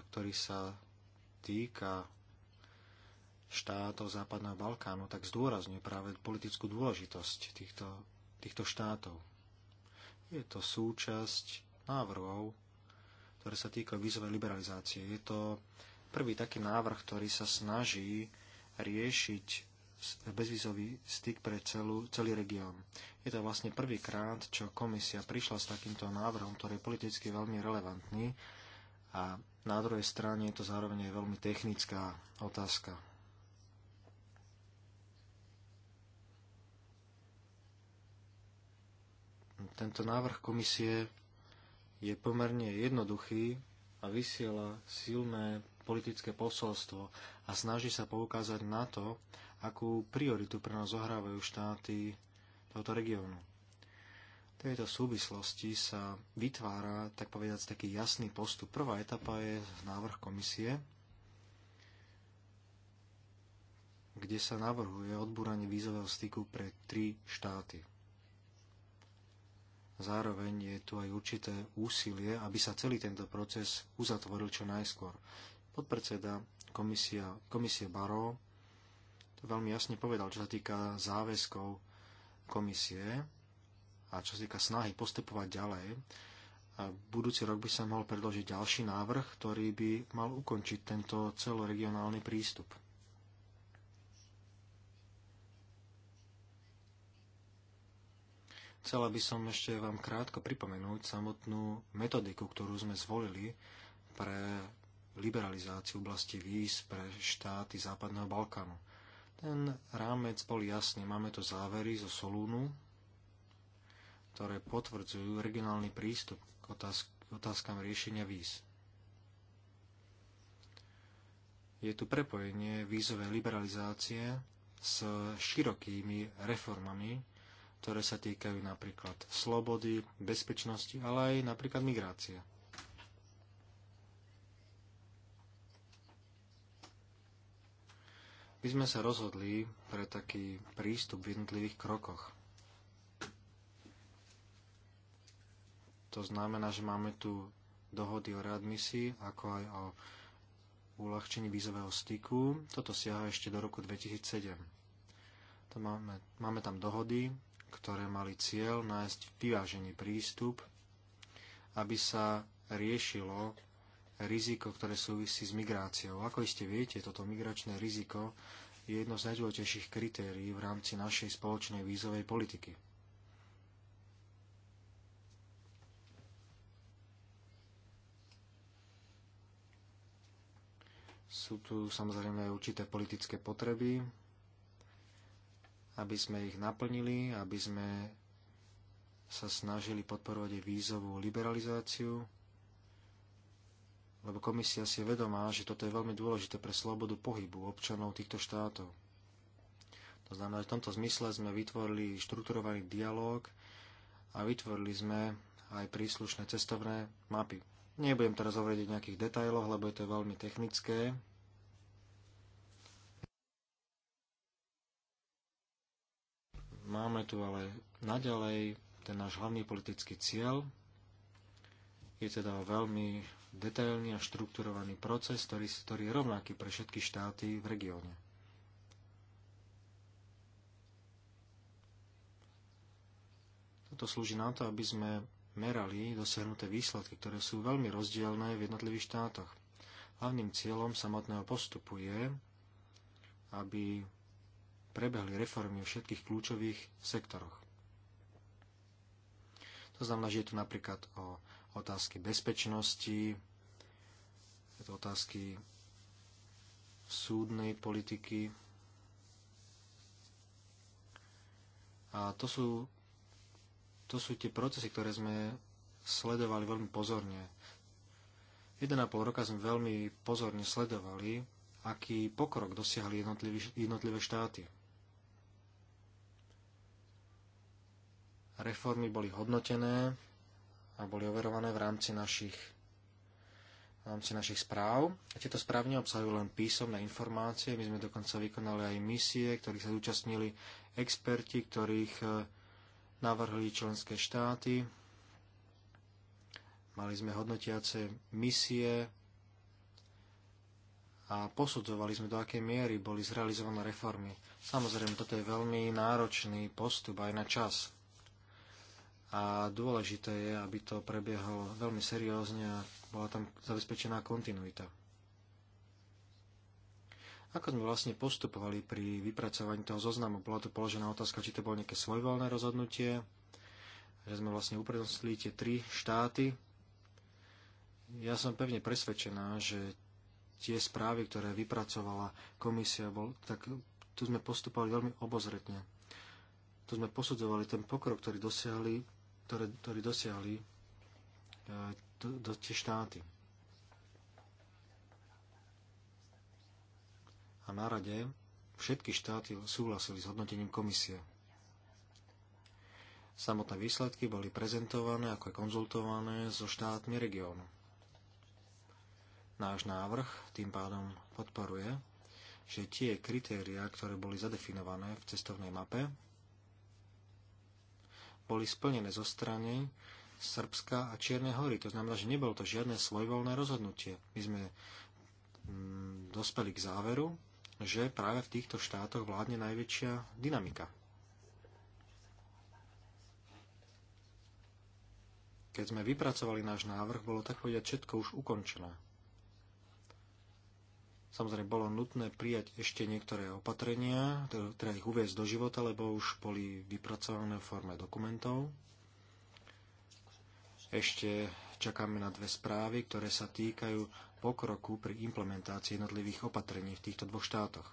ktorý sa týka štátov Západného Balkánu, tak zdôrazňuje práve politickú dôležitosť týchto, týchto štátov. Je to súčasť návrhov, ktoré sa týkajú vízovej liberalizácie. Je to prvý taký návrh, ktorý sa snaží riešiť bezvizový styk pre celú, celý región. Je to vlastne prvýkrát, čo komisia prišla s takýmto návrhom, ktorý je politicky veľmi relevantný a na druhej strane je to zároveň aj veľmi technická otázka. Tento návrh komisie je pomerne jednoduchý a vysiela silné politické posolstvo a snaží sa poukázať na to, akú prioritu pre nás zohrávajú štáty tohoto regiónu. V tejto súvislosti sa vytvára, tak povedať, taký jasný postup. Prvá etapa je návrh komisie, kde sa navrhuje odbúranie vízového styku pre tri štáty. Zároveň je tu aj určité úsilie, aby sa celý tento proces uzatvoril čo najskôr. Podpredseda komisia, komisie Baro to veľmi jasne povedal, čo sa týka záväzkov komisie a čo sa týka snahy postupovať ďalej. A budúci rok by sa mohol predložiť ďalší návrh, ktorý by mal ukončiť tento celoregionálny prístup. Chcela by som ešte vám krátko pripomenúť samotnú metodiku, ktorú sme zvolili pre liberalizáciu oblasti víz pre štáty Západného Balkánu. Ten rámec bol jasný. Máme tu závery zo Solúnu, ktoré potvrdzujú regionálny prístup k otázkam riešenia víz. je tu prepojenie vízovej liberalizácie s širokými reformami ktoré sa týkajú napríklad slobody, bezpečnosti, ale aj napríklad migrácie. My sme sa rozhodli pre taký prístup v jednotlivých krokoch. To znamená, že máme tu dohody o readmisii, ako aj o uľahčení vízového styku. Toto siaha ešte do roku 2007. To máme, máme tam dohody ktoré mali cieľ nájsť vyvážený prístup, aby sa riešilo riziko, ktoré súvisí s migráciou. Ako iste viete, toto migračné riziko je jedno z najdôležitejších kritérií v rámci našej spoločnej vízovej politiky. Sú tu samozrejme aj určité politické potreby, aby sme ich naplnili, aby sme sa snažili podporovať aj vízovú liberalizáciu, lebo komisia si je vedomá, že toto je veľmi dôležité pre slobodu pohybu občanov týchto štátov. To znamená, že v tomto zmysle sme vytvorili štrukturovaný dialog a vytvorili sme aj príslušné cestovné mapy. Nebudem teraz hovoriť o nejakých detailoch, lebo je to veľmi technické, Máme tu ale naďalej ten náš hlavný politický cieľ. Je teda veľmi detailný a štrukturovaný proces, ktorý, ktorý je rovnaký pre všetky štáty v regióne. Toto slúži na to, aby sme merali dosiahnuté výsledky, ktoré sú veľmi rozdielne v jednotlivých štátoch. Hlavným cieľom samotného postupu je, aby prebehli reformy v všetkých kľúčových sektoroch. To znamená, že je tu napríklad o otázky bezpečnosti, je to otázky súdnej politiky. A to sú, to sú tie procesy, ktoré sme sledovali veľmi pozorne. 1,5 roka sme veľmi pozorne sledovali, aký pokrok dosiahli jednotlivé štáty. reformy boli hodnotené a boli overované v rámci našich, v rámci našich správ. A tieto správy neobsahujú len písomné informácie, my sme dokonca vykonali aj misie, ktorých sa zúčastnili experti, ktorých eh, navrhli členské štáty. Mali sme hodnotiace misie a posudzovali sme, do akej miery boli zrealizované reformy. Samozrejme, toto je veľmi náročný postup aj na čas a dôležité je, aby to prebiehalo veľmi seriózne a bola tam zabezpečená kontinuita. Ako sme vlastne postupovali pri vypracovaní toho zoznamu? Bola tu položená otázka, či to bolo nejaké svojvoľné rozhodnutie, že sme vlastne uprednostili tie tri štáty. Ja som pevne presvedčená, že tie správy, ktoré vypracovala komisia, bol, tak tu sme postupovali veľmi obozretne. Tu sme posudzovali ten pokrok, ktorý dosiahli ktoré, ktoré dosiahli e, do, do tie štáty. A na rade všetky štáty súhlasili s hodnotením komisie. Samotné výsledky boli prezentované ako aj konzultované so štátmi regiónu. Náš návrh tým pádom podporuje, že tie kritériá, ktoré boli zadefinované v cestovnej mape, boli splnené zo strany Srbska a Čiernej hory. To znamená, že nebolo to žiadne svojvoľné rozhodnutie. My sme mm, dospeli k záveru, že práve v týchto štátoch vládne najväčšia dynamika. Keď sme vypracovali náš návrh, bolo tak povedať všetko už ukončené. Samozrejme, bolo nutné prijať ešte niektoré opatrenia, teda ich uviezť do života, lebo už boli vypracované v forme dokumentov. Ešte čakáme na dve správy, ktoré sa týkajú pokroku pri implementácii jednotlivých opatrení v týchto dvoch štátoch.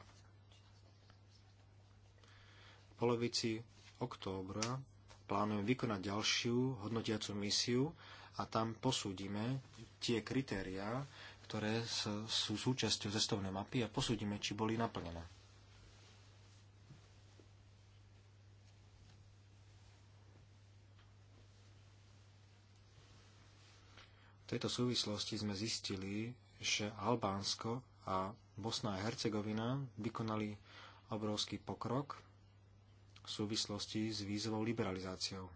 V polovici októbra plánujem vykonať ďalšiu hodnotiacu misiu a tam posúdime tie kritériá, ktoré sú súčasťou cestovnej mapy a posúdime, či boli naplnené. V tejto súvislosti sme zistili, že Albánsko a Bosna a Hercegovina vykonali obrovský pokrok v súvislosti s výzvou liberalizáciou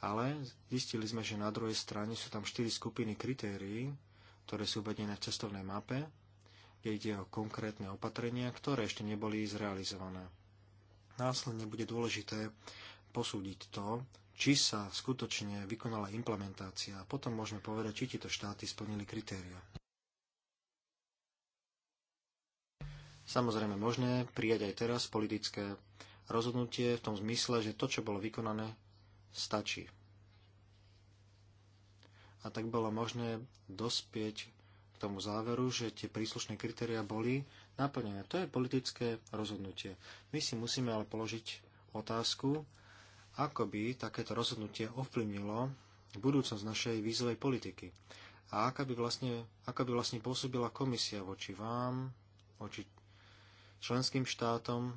ale zistili sme, že na druhej strane sú tam štyri skupiny kritérií, ktoré sú uvedené v cestovnej mape, kde ide o konkrétne opatrenia, ktoré ešte neboli zrealizované. Následne bude dôležité posúdiť to, či sa skutočne vykonala implementácia a potom môžeme povedať, či tieto štáty splnili kritéria. Samozrejme možné prijať aj teraz politické rozhodnutie v tom zmysle, že to, čo bolo vykonané, stačí a tak bolo možné dospieť k tomu záveru, že tie príslušné kritéria boli naplnené. To je politické rozhodnutie. My si musíme ale položiť otázku, ako by takéto rozhodnutie ovplyvnilo budúcnosť našej vízovej politiky a aká by vlastne, aká by vlastne pôsobila komisia voči vám, voči členským štátom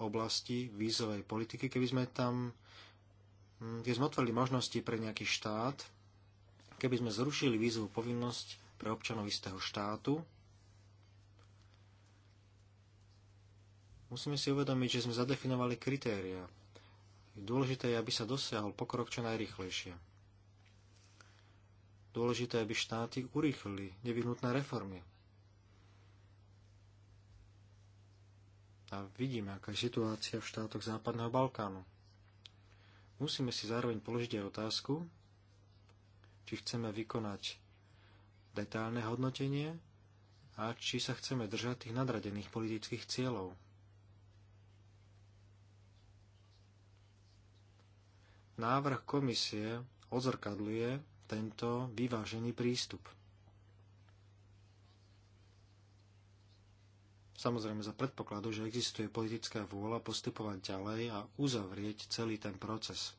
oblasti vízovej politiky, keby sme tam kde sme otvorili možnosti pre nejaký štát, keby sme zrušili výzvu povinnosť pre občanov istého štátu, musíme si uvedomiť, že sme zadefinovali kritéria. Dôležité je, aby sa dosiahol pokrok čo najrychlejšie. Dôležité je, aby štáty urýchlili nevyhnutné reformy, a vidíme, aká je situácia v štátoch Západného Balkánu. Musíme si zároveň položiť aj otázku, či chceme vykonať detálne hodnotenie a či sa chceme držať tých nadradených politických cieľov. Návrh komisie odzrkadluje tento vyvážený prístup. Samozrejme za predpokladu, že existuje politická vôľa postupovať ďalej a uzavrieť celý ten proces.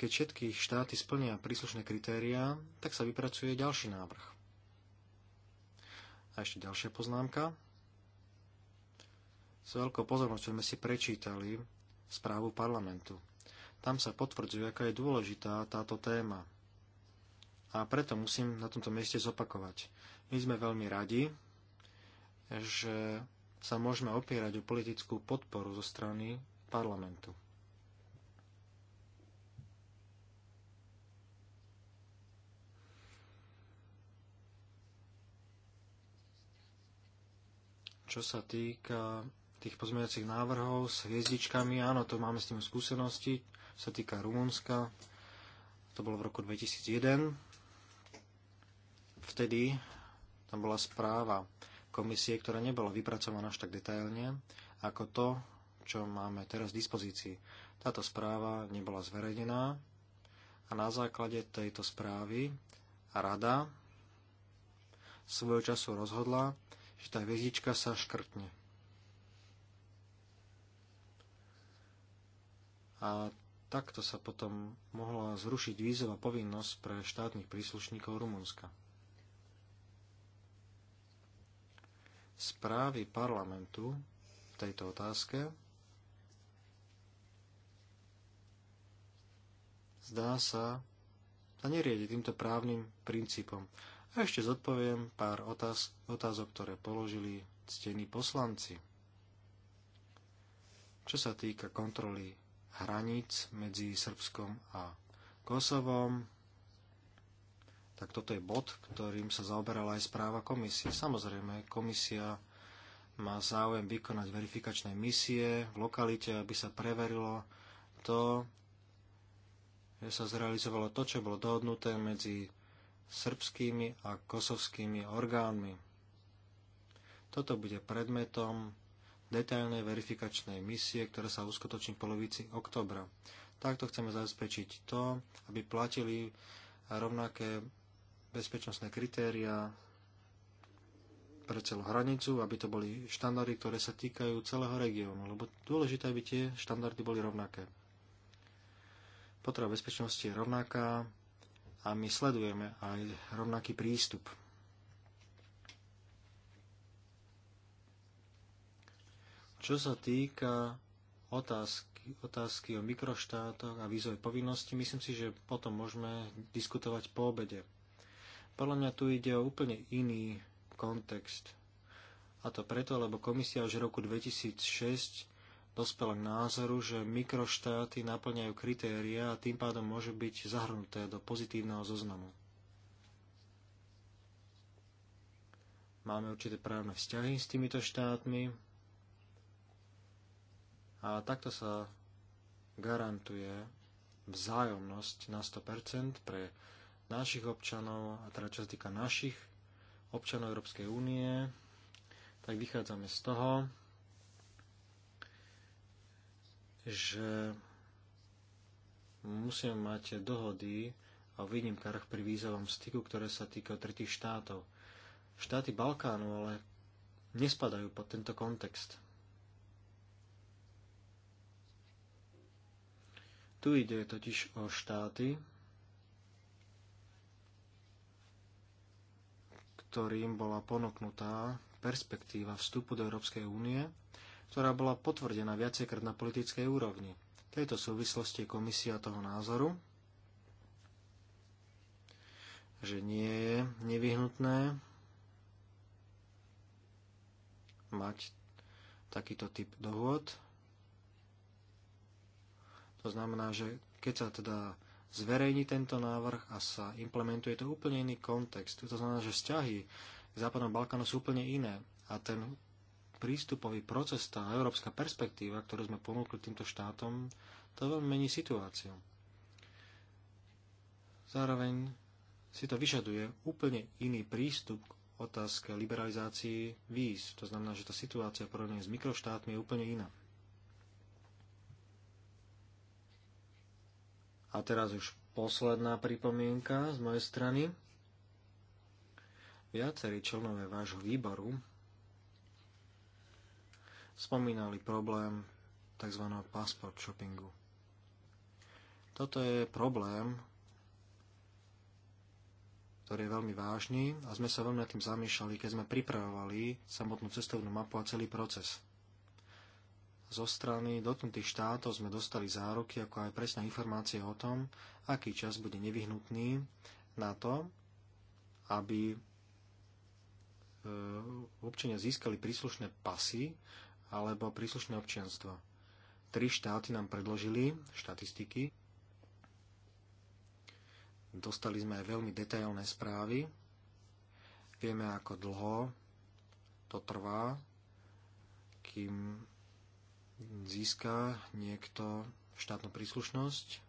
Keď všetky štáty splnia príslušné kritériá, tak sa vypracuje ďalší návrh. A ešte ďalšia poznámka. S veľkou pozornosťou sme si prečítali správu parlamentu. Tam sa potvrdzuje, aká je dôležitá táto téma – a preto musím na tomto mieste zopakovať. My sme veľmi radi, že sa môžeme opierať o politickú podporu zo strany parlamentu. Čo sa týka tých pozmeňujúcich návrhov s hviezdičkami, áno, to máme s tým skúsenosti, sa týka Rumunska, to bolo v roku 2001, Vtedy tam bola správa komisie, ktorá nebola vypracovaná až tak detailne ako to, čo máme teraz v dispozícii. Táto správa nebola zverejnená a na základe tejto správy rada svojho času rozhodla, že tá hviezdička sa škrtne. A takto sa potom mohla zrušiť vízová povinnosť pre štátnych príslušníkov Rumunska. správy parlamentu v tejto otázke. Zdá sa, sa neriedi týmto právnym princípom. A ešte zodpoviem pár otáz- otázok, ktoré položili ctení poslanci. Čo sa týka kontroly hraníc medzi Srbskom a Kosovom, tak toto je bod, ktorým sa zaoberala aj správa komisie. Samozrejme, komisia má záujem vykonať verifikačné misie v lokalite, aby sa preverilo to, že sa zrealizovalo to, čo bolo dohodnuté medzi srbskými a kosovskými orgánmi. Toto bude predmetom detailnej verifikačnej misie, ktorá sa uskutoční v polovici oktobra. Takto chceme zabezpečiť to, aby platili rovnaké bezpečnostné kritéria pre celú hranicu, aby to boli štandardy, ktoré sa týkajú celého regiónu, lebo dôležité, aby tie štandardy boli rovnaké. Potreba bezpečnosti je rovnaká a my sledujeme aj rovnaký prístup. Čo sa týka otázky, otázky o mikroštátoch a vízovej povinnosti, myslím si, že potom môžeme diskutovať po obede. Podľa mňa tu ide o úplne iný kontext. A to preto, lebo komisia už v roku 2006 dospela k názoru, že mikroštáty naplňajú kritéria a tým pádom môžu byť zahrnuté do pozitívneho zoznamu. Máme určité právne vzťahy s týmito štátmi a takto sa garantuje vzájomnosť na 100% pre našich občanov, a teda čo sa týka našich občanov Európskej únie, tak vychádzame z toho, že musíme mať dohody o výnimkách pri vízovom styku, ktoré sa týka tretich štátov. Štáty Balkánu ale nespadajú pod tento kontext. Tu ide totiž o štáty, ktorým bola ponoknutá perspektíva vstupu do Európskej únie, ktorá bola potvrdená viacejkrát na politickej úrovni. V tejto súvislosti je komisia toho názoru, že nie je nevyhnutné mať takýto typ dohôd. To znamená, že keď sa teda zverejní tento návrh a sa implementuje to úplne iný kontext. To znamená, že vzťahy k Západnom Balkánu sú úplne iné a ten prístupový proces, tá európska perspektíva, ktorú sme ponúkli týmto štátom, to veľmi mení situáciu. Zároveň si to vyžaduje úplne iný prístup k otázke liberalizácii víz. To znamená, že tá situácia porovnaní s mikroštátmi je úplne iná. A teraz už posledná pripomienka z mojej strany. Viacerí členové vášho výboru spomínali problém tzv. passport shoppingu. Toto je problém, ktorý je veľmi vážny a sme sa veľmi nad tým zamýšľali, keď sme pripravovali samotnú cestovnú mapu a celý proces zo strany dotknutých štátov sme dostali záruky, ako aj presné informácie o tom, aký čas bude nevyhnutný na to, aby e, občania získali príslušné pasy alebo príslušné občianstvo. Tri štáty nám predložili štatistiky. Dostali sme aj veľmi detailné správy. Vieme, ako dlho to trvá, kým získa niekto štátnu príslušnosť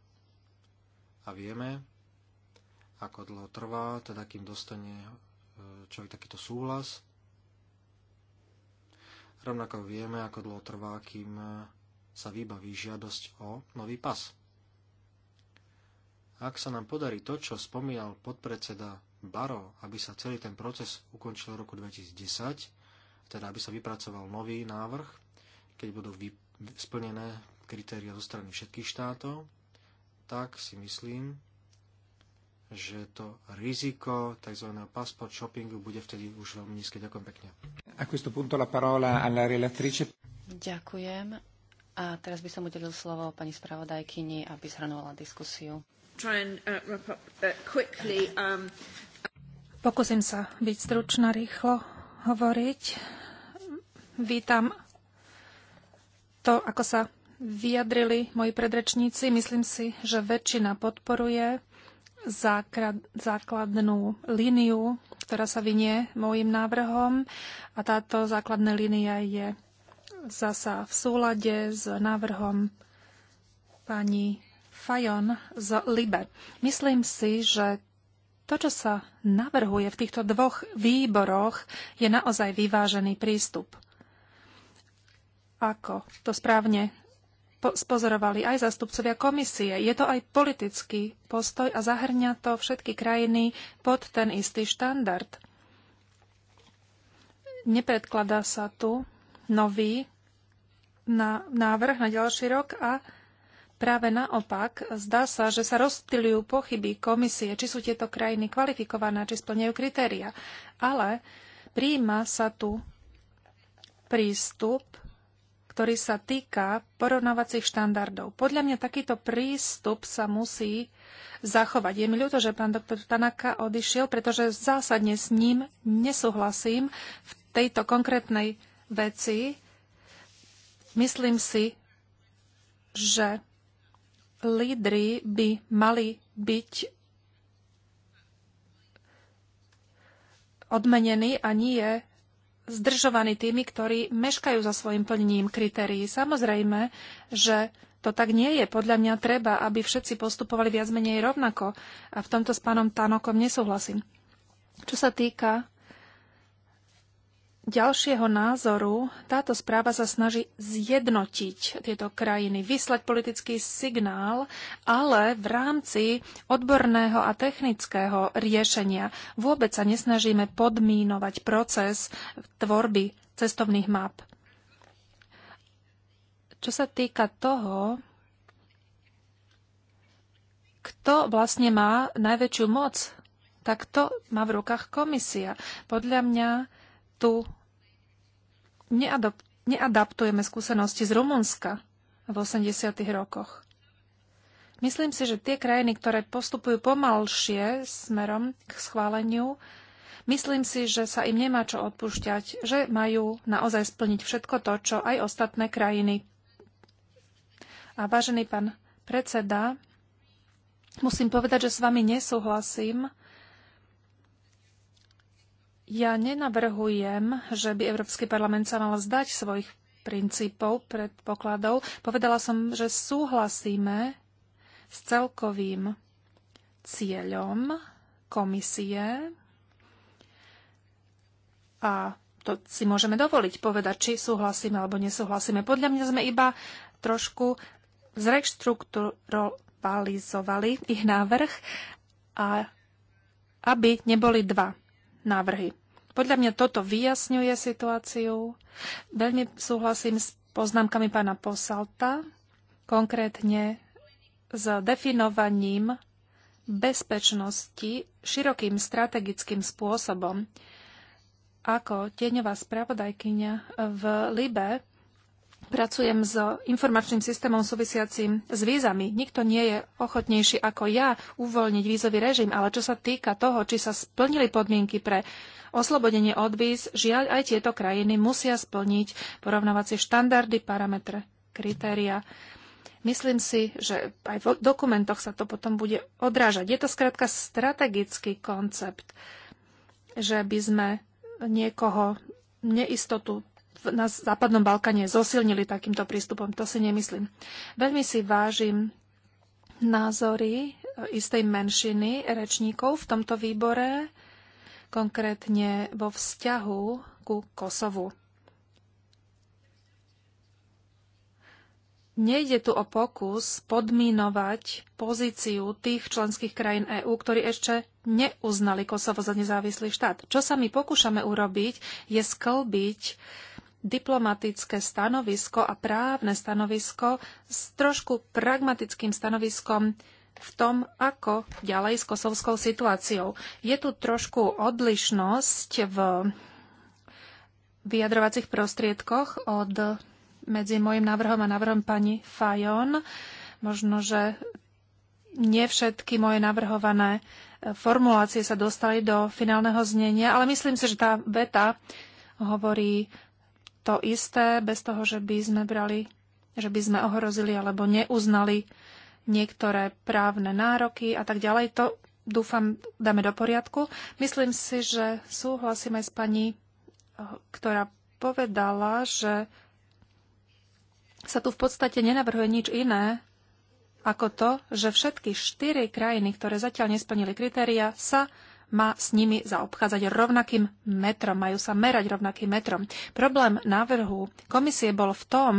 a vieme, ako dlho trvá, teda kým dostane e, človek takýto súhlas. Rovnako vieme, ako dlho trvá, kým e, sa vybaví žiadosť o nový pas. Ak sa nám podarí to, čo spomínal podpredseda Baro, aby sa celý ten proces ukončil v roku 2010, teda aby sa vypracoval nový návrh, keď budú splnené kritéria zo strany všetkých štátov, tak si myslím, že to riziko tzv. passport shoppingu bude vtedy už veľmi nízke. Ďakujem pekne. A questo punto la parola alla relatrice. Ďakujem. A teraz by som udelil slovo pani spravodajkyni, aby zhrnula diskusiu. Uh, uh, um, Pokúsim sa byť stručná, rýchlo hovoriť. Vítam to, ako sa vyjadrili moji predrečníci, myslím si, že väčšina podporuje základnú líniu, ktorá sa vynie môjim návrhom a táto základná línia je zasa v súlade s návrhom pani Fajon z Libe. Myslím si, že to, čo sa navrhuje v týchto dvoch výboroch, je naozaj vyvážený prístup ako to správne spozorovali aj zastupcovia komisie. Je to aj politický postoj a zahrňa to všetky krajiny pod ten istý štandard. Nepredkladá sa tu nový na návrh na ďalší rok a práve naopak zdá sa, že sa rozptýľujú pochyby komisie, či sú tieto krajiny kvalifikované, či splňajú kritéria. Ale príjma sa tu prístup ktorý sa týka porovnávacích štandardov. Podľa mňa takýto prístup sa musí zachovať. Je mi ľúto, že pán doktor Tanaka odišiel, pretože zásadne s ním nesúhlasím v tejto konkrétnej veci. Myslím si, že lídry by mali byť odmenení a nie zdržovaní tými, ktorí meškajú za svojim plnením kritérií. Samozrejme, že to tak nie je. Podľa mňa treba, aby všetci postupovali viac menej rovnako. A v tomto s pánom Tanokom nesúhlasím. Čo sa týka ďalšieho názoru táto správa sa snaží zjednotiť tieto krajiny, vyslať politický signál, ale v rámci odborného a technického riešenia vôbec sa nesnažíme podmínovať proces tvorby cestovných map. Čo sa týka toho, kto vlastne má najväčšiu moc, tak to má v rukách komisia. Podľa mňa tu neadaptujeme skúsenosti z Rumunska v 80. rokoch. Myslím si, že tie krajiny, ktoré postupujú pomalšie smerom k schváleniu, myslím si, že sa im nemá čo odpúšťať, že majú naozaj splniť všetko to, čo aj ostatné krajiny. A vážený pán predseda, musím povedať, že s vami nesúhlasím ja nenavrhujem, že by Európsky parlament sa mal zdať svojich princípov, predpokladov. Povedala som, že súhlasíme s celkovým cieľom komisie a to si môžeme dovoliť povedať, či súhlasíme alebo nesúhlasíme. Podľa mňa sme iba trošku zreštrukturalizovali ich návrh, a aby neboli dva návrhy. Podľa mňa toto vyjasňuje situáciu. Veľmi súhlasím s poznámkami pána Posalta, konkrétne s definovaním bezpečnosti širokým strategickým spôsobom. Ako tieňová spravodajkyňa v Libe Pracujem s informačným systémom súvisiacim s vízami. Nikto nie je ochotnejší ako ja uvoľniť vízový režim, ale čo sa týka toho, či sa splnili podmienky pre oslobodenie od víz, žiaľ aj tieto krajiny musia splniť porovnávacie štandardy, parametre, kritéria. Myslím si, že aj v dokumentoch sa to potom bude odrážať. Je to skrátka strategický koncept, že by sme niekoho neistotu na Západnom Balkáne zosilnili takýmto prístupom. To si nemyslím. Veľmi si vážim názory e, istej menšiny rečníkov v tomto výbore, konkrétne vo vzťahu ku Kosovu. Nejde tu o pokus podmínovať pozíciu tých členských krajín EÚ, ktorí ešte neuznali Kosovo za nezávislý štát. Čo sa my pokúšame urobiť, je sklbiť diplomatické stanovisko a právne stanovisko s trošku pragmatickým stanoviskom v tom, ako ďalej s kosovskou situáciou. Je tu trošku odlišnosť v vyjadrovacích prostriedkoch od medzi môjim návrhom a návrhom pani Fajon. Možno, že nie všetky moje navrhované formulácie sa dostali do finálneho znenia, ale myslím si, že tá veta hovorí to isté, bez toho, že by sme brali, že by sme ohrozili alebo neuznali niektoré právne nároky a tak ďalej. To dúfam dáme do poriadku. Myslím si, že súhlasím aj s pani, ktorá povedala, že sa tu v podstate nenavrhuje nič iné, ako to, že všetky štyri krajiny, ktoré zatiaľ nesplnili kritéria, sa má s nimi zaobchádzať rovnakým metrom, majú sa merať rovnakým metrom. Problém návrhu komisie bol v tom,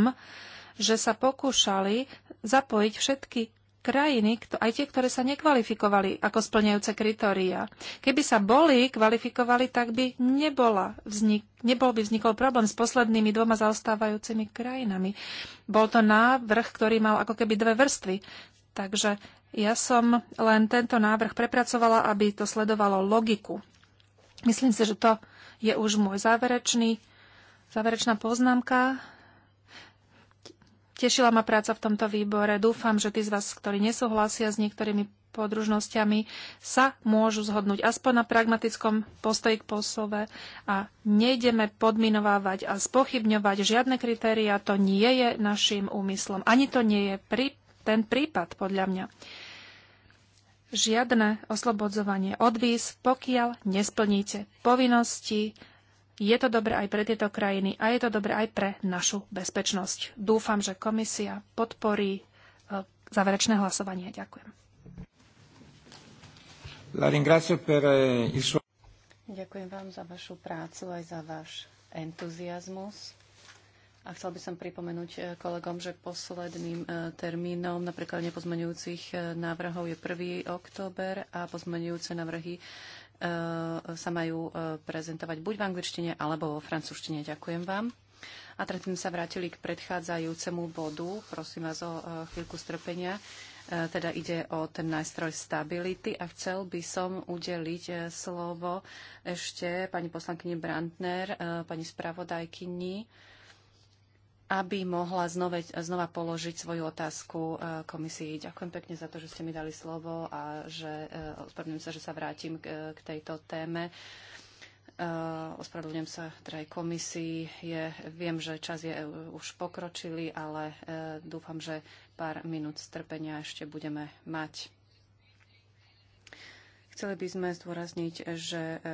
že sa pokúšali zapojiť všetky krajiny, aj tie, ktoré sa nekvalifikovali ako splňajúce kritória. Keby sa boli kvalifikovali, tak by nebola vznik, nebol by vznikol problém s poslednými dvoma zaostávajúcimi krajinami. Bol to návrh, ktorý mal ako keby dve vrstvy. Takže ja som len tento návrh prepracovala, aby to sledovalo logiku. Myslím si, že to je už môj záverečný, záverečná poznámka. Tešila ma práca v tomto výbore. Dúfam, že tí z vás, ktorí nesúhlasia s niektorými podružnosťami, sa môžu zhodnúť aspoň na pragmatickom postoji k posove a nejdeme podminovávať a spochybňovať žiadne kritéria. To nie je našim úmyslom. Ani to nie je pri ten prípad, podľa mňa žiadne oslobodzovanie od víz, pokiaľ nesplníte povinnosti. Je to dobre aj pre tieto krajiny a je to dobre aj pre našu bezpečnosť. Dúfam, že komisia podporí e, záverečné hlasovanie. Ďakujem. Eh, Ďakujem vám za vašu prácu aj za váš entuziasmus. A chcel by som pripomenúť eh, kolegom, že posledným eh, termínom napríklad nepozmenujúcich eh, návrhov je 1. október a pozmenujúce návrhy sa majú prezentovať buď v angličtine alebo vo francúzštine. Ďakujem vám. A teraz sme sa vrátili k predchádzajúcemu bodu. Prosím vás o chvíľku strpenia. Teda ide o ten nástroj stability a chcel by som udeliť slovo ešte pani poslankyni Brandner, pani spravodajkyni aby mohla znova, znova položiť svoju otázku e, komisii. Ďakujem pekne za to, že ste mi dali slovo a že e, ospravedlňujem sa, že sa vrátim k, e, k tejto téme. Ospravedlňujem sa teda aj komisii. Je, viem, že čas je už pokročilý, ale dúfam, že pár minút strpenia ešte budeme mať. Chceli by sme zdôrazniť, že e, e,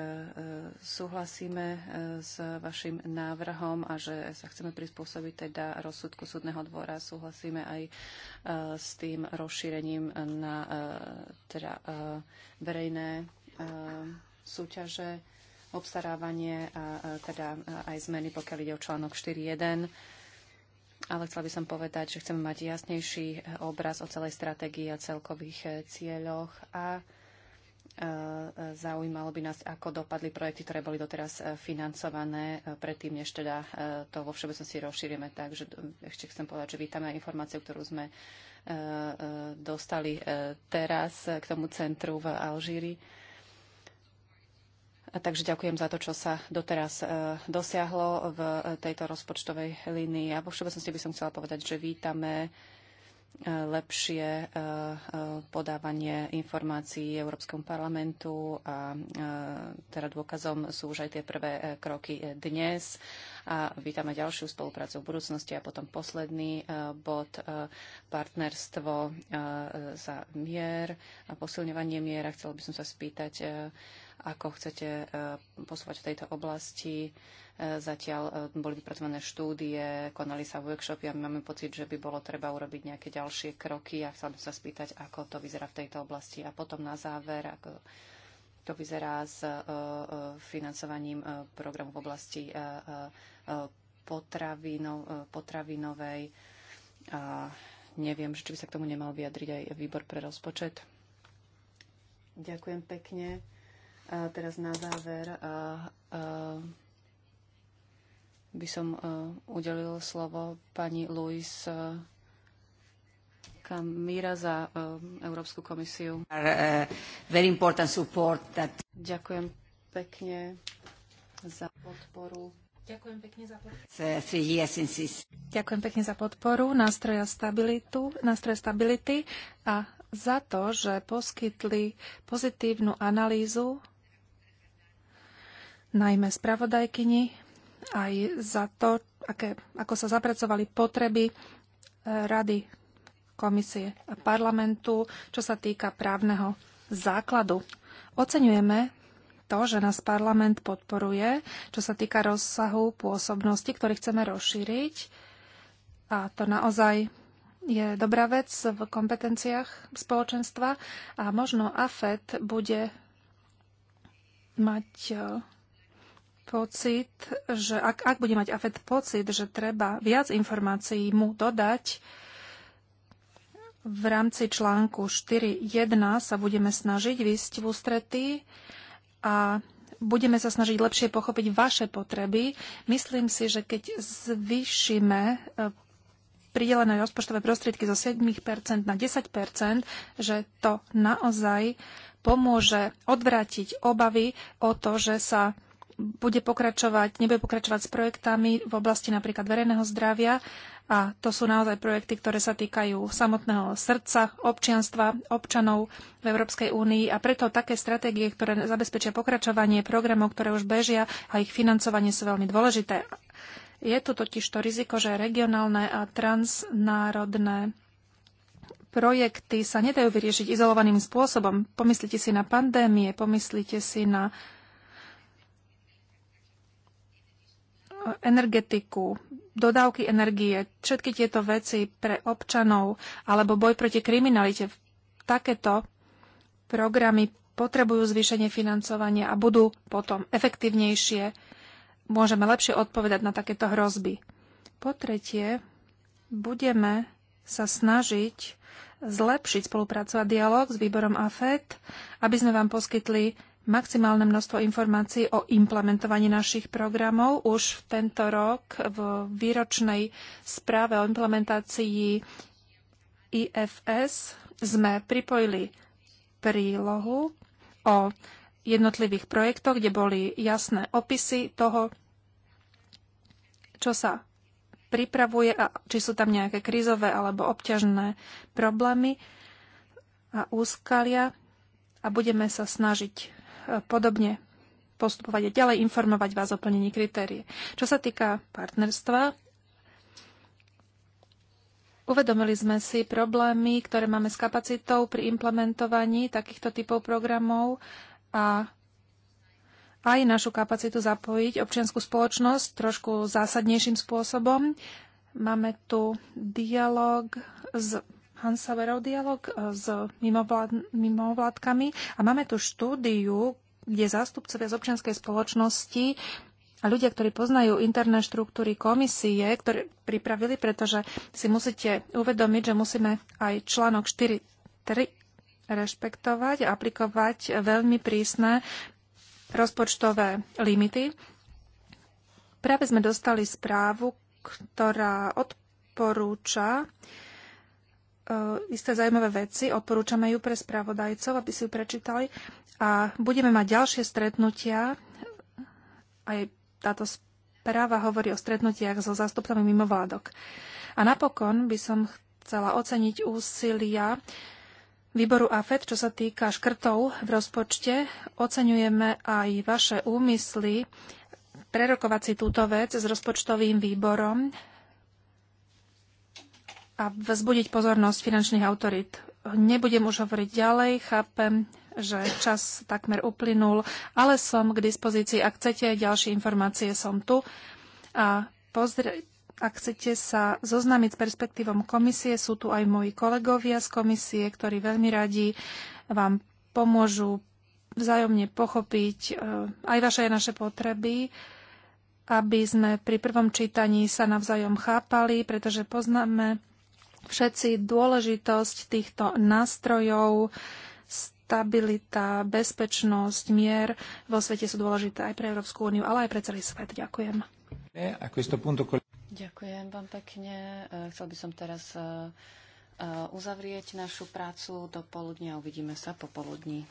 súhlasíme e, s vašim návrhom a že sa chceme prispôsobiť teda rozsudku súdneho dvora. Súhlasíme aj s tým rozšírením na teda verejné súťaže, obstarávanie a teda aj zmeny, pokiaľ ide o článok 4.1 ale chcela by som povedať, že chceme mať jasnejší obraz o celej stratégii a celkových cieľoch a Zaujímalo by nás, ako dopadli projekty, ktoré boli doteraz e, financované, e, predtým, než teda e, to vo všeobecnosti rozšírime. Takže ešte chcem povedať, že vítame informáciu, ktorú sme dostali teraz k tomu centru v Alžíri. Takže ďakujem za to, čo sa doteraz dosiahlo v tejto rozpočtovej línii. A vo všeobecnosti by som chcela povedať, že vítame lepšie eh, eh, podávanie informácií Európskom parlamentu a eh, teda dôkazom sú už aj tie prvé kroky dnes. A vítame ďalšiu spoluprácu v budúcnosti a potom posledný bod partnerstvo za mier a posilňovanie miera. Chcela by som sa spýtať, ako chcete posúvať v tejto oblasti Zatiaľ e, boli vypracované štúdie, konali sa workshopy a my máme pocit, že by bolo treba urobiť nejaké ďalšie kroky a chcel by sa spýtať, ako to vyzerá v tejto oblasti. A potom na záver, ako to vyzerá s e, e, financovaním programu v oblasti potravinovej. A neviem, či by sa k tomu nemal vyjadriť aj výbor pre rozpočet. Ďakujem pekne. A teraz na záver. A, a by som e, udelil slovo pani Luis e, Kamíra za e, Európsku komisiu. Ďakujem pekne za podporu. Ďakujem pekne za podporu. Uh, Ďakujem pekne za podporu nástroja stabilitu, nástroja stability a za to, že poskytli pozitívnu analýzu najmä spravodajkyni aj za to, aké, ako sa zapracovali potreby eh, Rady komisie a parlamentu, čo sa týka právneho základu. Oceňujeme to, že nás parlament podporuje, čo sa týka rozsahu pôsobnosti, ktorý chceme rozšíriť. A to naozaj je dobrá vec v kompetenciách spoločenstva. A možno AFET bude mať eh, pocit, že ak, ak bude mať afet pocit, že treba viac informácií mu dodať, v rámci článku 4.1 sa budeme snažiť vysť v ústretí a budeme sa snažiť lepšie pochopiť vaše potreby. Myslím si, že keď zvýšime e, pridelené rozpočtové prostriedky zo 7% na 10%, že to naozaj pomôže odvrátiť obavy o to, že sa bude pokračovať, nebude pokračovať s projektami v oblasti napríklad verejného zdravia a to sú naozaj projekty, ktoré sa týkajú samotného srdca, občianstva, občanov v Európskej únii a preto také stratégie, ktoré zabezpečia pokračovanie programov, ktoré už bežia a ich financovanie sú veľmi dôležité. Je tu totiž to riziko, že regionálne a transnárodné projekty sa nedajú vyriešiť izolovaným spôsobom. Pomyslite si na pandémie, pomyslite si na energetiku, dodávky energie, všetky tieto veci pre občanov alebo boj proti kriminalite. Takéto programy potrebujú zvýšenie financovania a budú potom efektívnejšie. Môžeme lepšie odpovedať na takéto hrozby. Po tretie, budeme sa snažiť zlepšiť spoluprácu a dialog s výborom AFET, aby sme vám poskytli maximálne množstvo informácií o implementovaní našich programov. Už tento rok v výročnej správe o implementácii IFS sme pripojili prílohu o jednotlivých projektoch, kde boli jasné opisy toho, čo sa pripravuje a či sú tam nejaké krízové alebo obťažné problémy a úskalia a budeme sa snažiť podobne postupovať a ďalej informovať vás o plnení kritérií. Čo sa týka partnerstva, Uvedomili sme si problémy, ktoré máme s kapacitou pri implementovaní takýchto typov programov a aj našu kapacitu zapojiť občianskú spoločnosť trošku zásadnejším spôsobom. Máme tu dialog s Hansaverov dialog e, s mimovládkami a máme tu štúdiu, kde zástupcovia z občianskej spoločnosti a ľudia, ktorí poznajú interné štruktúry komisie, ktoré pripravili, pretože si musíte uvedomiť, že musíme aj článok 4.3 rešpektovať a aplikovať veľmi prísne rozpočtové limity. Práve sme dostali správu, ktorá odporúča E, isté zaujímavé veci. Odporúčame ju pre spravodajcov, aby si ju prečítali. A budeme mať ďalšie stretnutia. Aj táto správa hovorí o stretnutiach so zástupcami mimovládok. A napokon by som chcela oceniť úsilia výboru AFED, čo sa týka škrtov v rozpočte. Oceňujeme aj vaše úmysly prerokovať si túto vec s rozpočtovým výborom a vzbudiť pozornosť finančných autorít. Nebudem už hovoriť ďalej, chápem, že čas takmer uplynul, ale som k dispozícii. Ak chcete ďalšie informácie, som tu. A pozri- ak chcete sa zoznámiť s perspektívom komisie, sú tu aj moji kolegovia z komisie, ktorí veľmi radi vám pomôžu vzájomne pochopiť e, aj vaše aj naše potreby, aby sme pri prvom čítaní sa navzájom chápali, pretože poznáme všetci dôležitosť týchto nástrojov, stabilita, bezpečnosť, mier vo svete sú dôležité aj pre Európsku úniu, ale aj pre celý svet. Ďakujem. E, Ďakujem vám pekne. E, chcel by som teraz e, uzavrieť našu prácu do poludnia. Uvidíme sa po poludni.